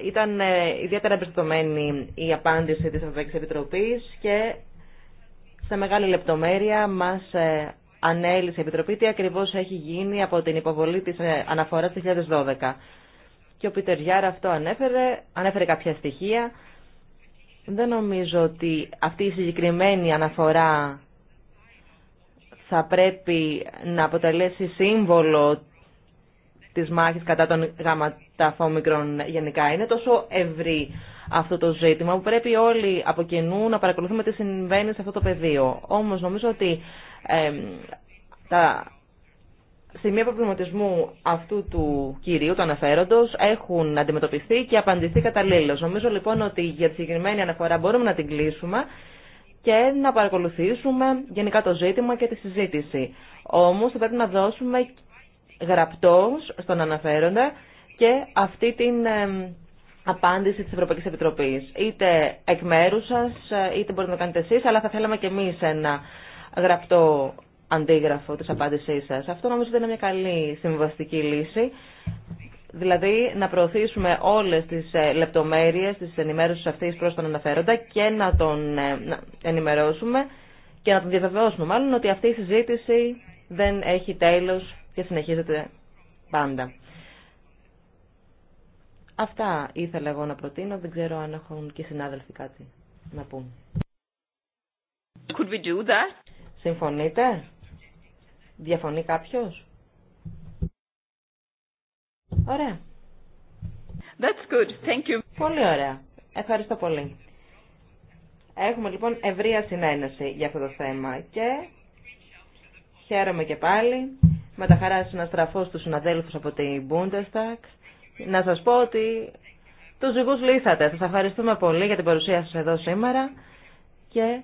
ήταν ε, ιδιαίτερα εμπιστευμένη η απάντηση της Ευρωπαϊκής Επιτροπής και σε μεγάλη λεπτομέρεια μας ε, ανέλησε η Επιτροπή τι ακριβώς έχει γίνει από την υποβολή της ε, αναφοράς 2012. Και ο Πίτερ αυτό ανέφερε, ανέφερε κάποια στοιχεία δεν νομίζω ότι αυτή η συγκεκριμένη αναφορά θα πρέπει να αποτελέσει σύμβολο της μάχης κατά των γαματαφόμικρων γενικά. Είναι τόσο ευρύ αυτό το ζήτημα που πρέπει όλοι από κοινού να παρακολουθούμε τι συμβαίνει σε αυτό το πεδίο. Όμως νομίζω ότι τα σημεία προβληματισμού αυτού του κυρίου, του αναφέροντος, έχουν αντιμετωπιστεί και απαντηθεί καταλήλω. Νομίζω λοιπόν ότι για τη συγκεκριμένη αναφορά μπορούμε να την κλείσουμε και να παρακολουθήσουμε γενικά το ζήτημα και τη συζήτηση. Όμω θα πρέπει να δώσουμε γραπτό, στον αναφέροντα και αυτή την απάντηση της Ευρωπαϊκής Επιτροπής. Είτε εκ μέρου σας, είτε μπορείτε να το κάνετε εσείς, αλλά θα θέλαμε και εμείς ένα γραπτό αντίγραφο της απάντησής σας. Αυτό νομίζω ότι είναι μια καλή συμβαστική λύση. Δηλαδή να προωθήσουμε όλες τις ε, λεπτομέρειες της ενημέρωσης αυτής προς τον αναφέροντα και να τον ε, ενημερώσουμε και να τον διαβεβαιώσουμε μάλλον ότι αυτή η συζήτηση δεν έχει τέλος και συνεχίζεται πάντα. Αυτά ήθελα εγώ να προτείνω. Δεν ξέρω αν έχουν και συνάδελφοι κάτι να πούν. Could we do that? Συμφωνείτε? Διαφωνεί κάποιος? Ωραία. That's good. Thank you. Πολύ ωραία. Ευχαριστώ πολύ. Έχουμε λοιπόν ευρεία συνένεση για αυτό το θέμα και χαίρομαι και πάλι με τα χαρά να στραφώ στους συναδέλφους από την Bundestag να σας πω ότι τους ζυγούς λύσατε. Σας ευχαριστούμε πολύ για την παρουσία σας εδώ σήμερα και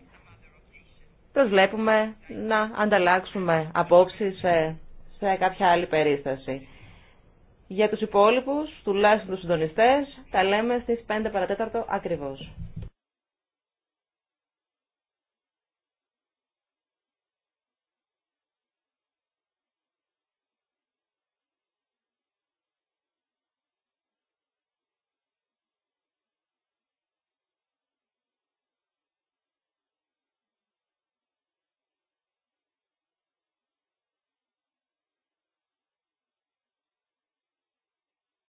προσβλέπουμε να ανταλλάξουμε απόψεις σε, σε κάποια άλλη περίσταση. Για τους υπόλοιπους, τουλάχιστον τους συντονιστές, τα λέμε στις 5 παρατέταρτο ακριβώς.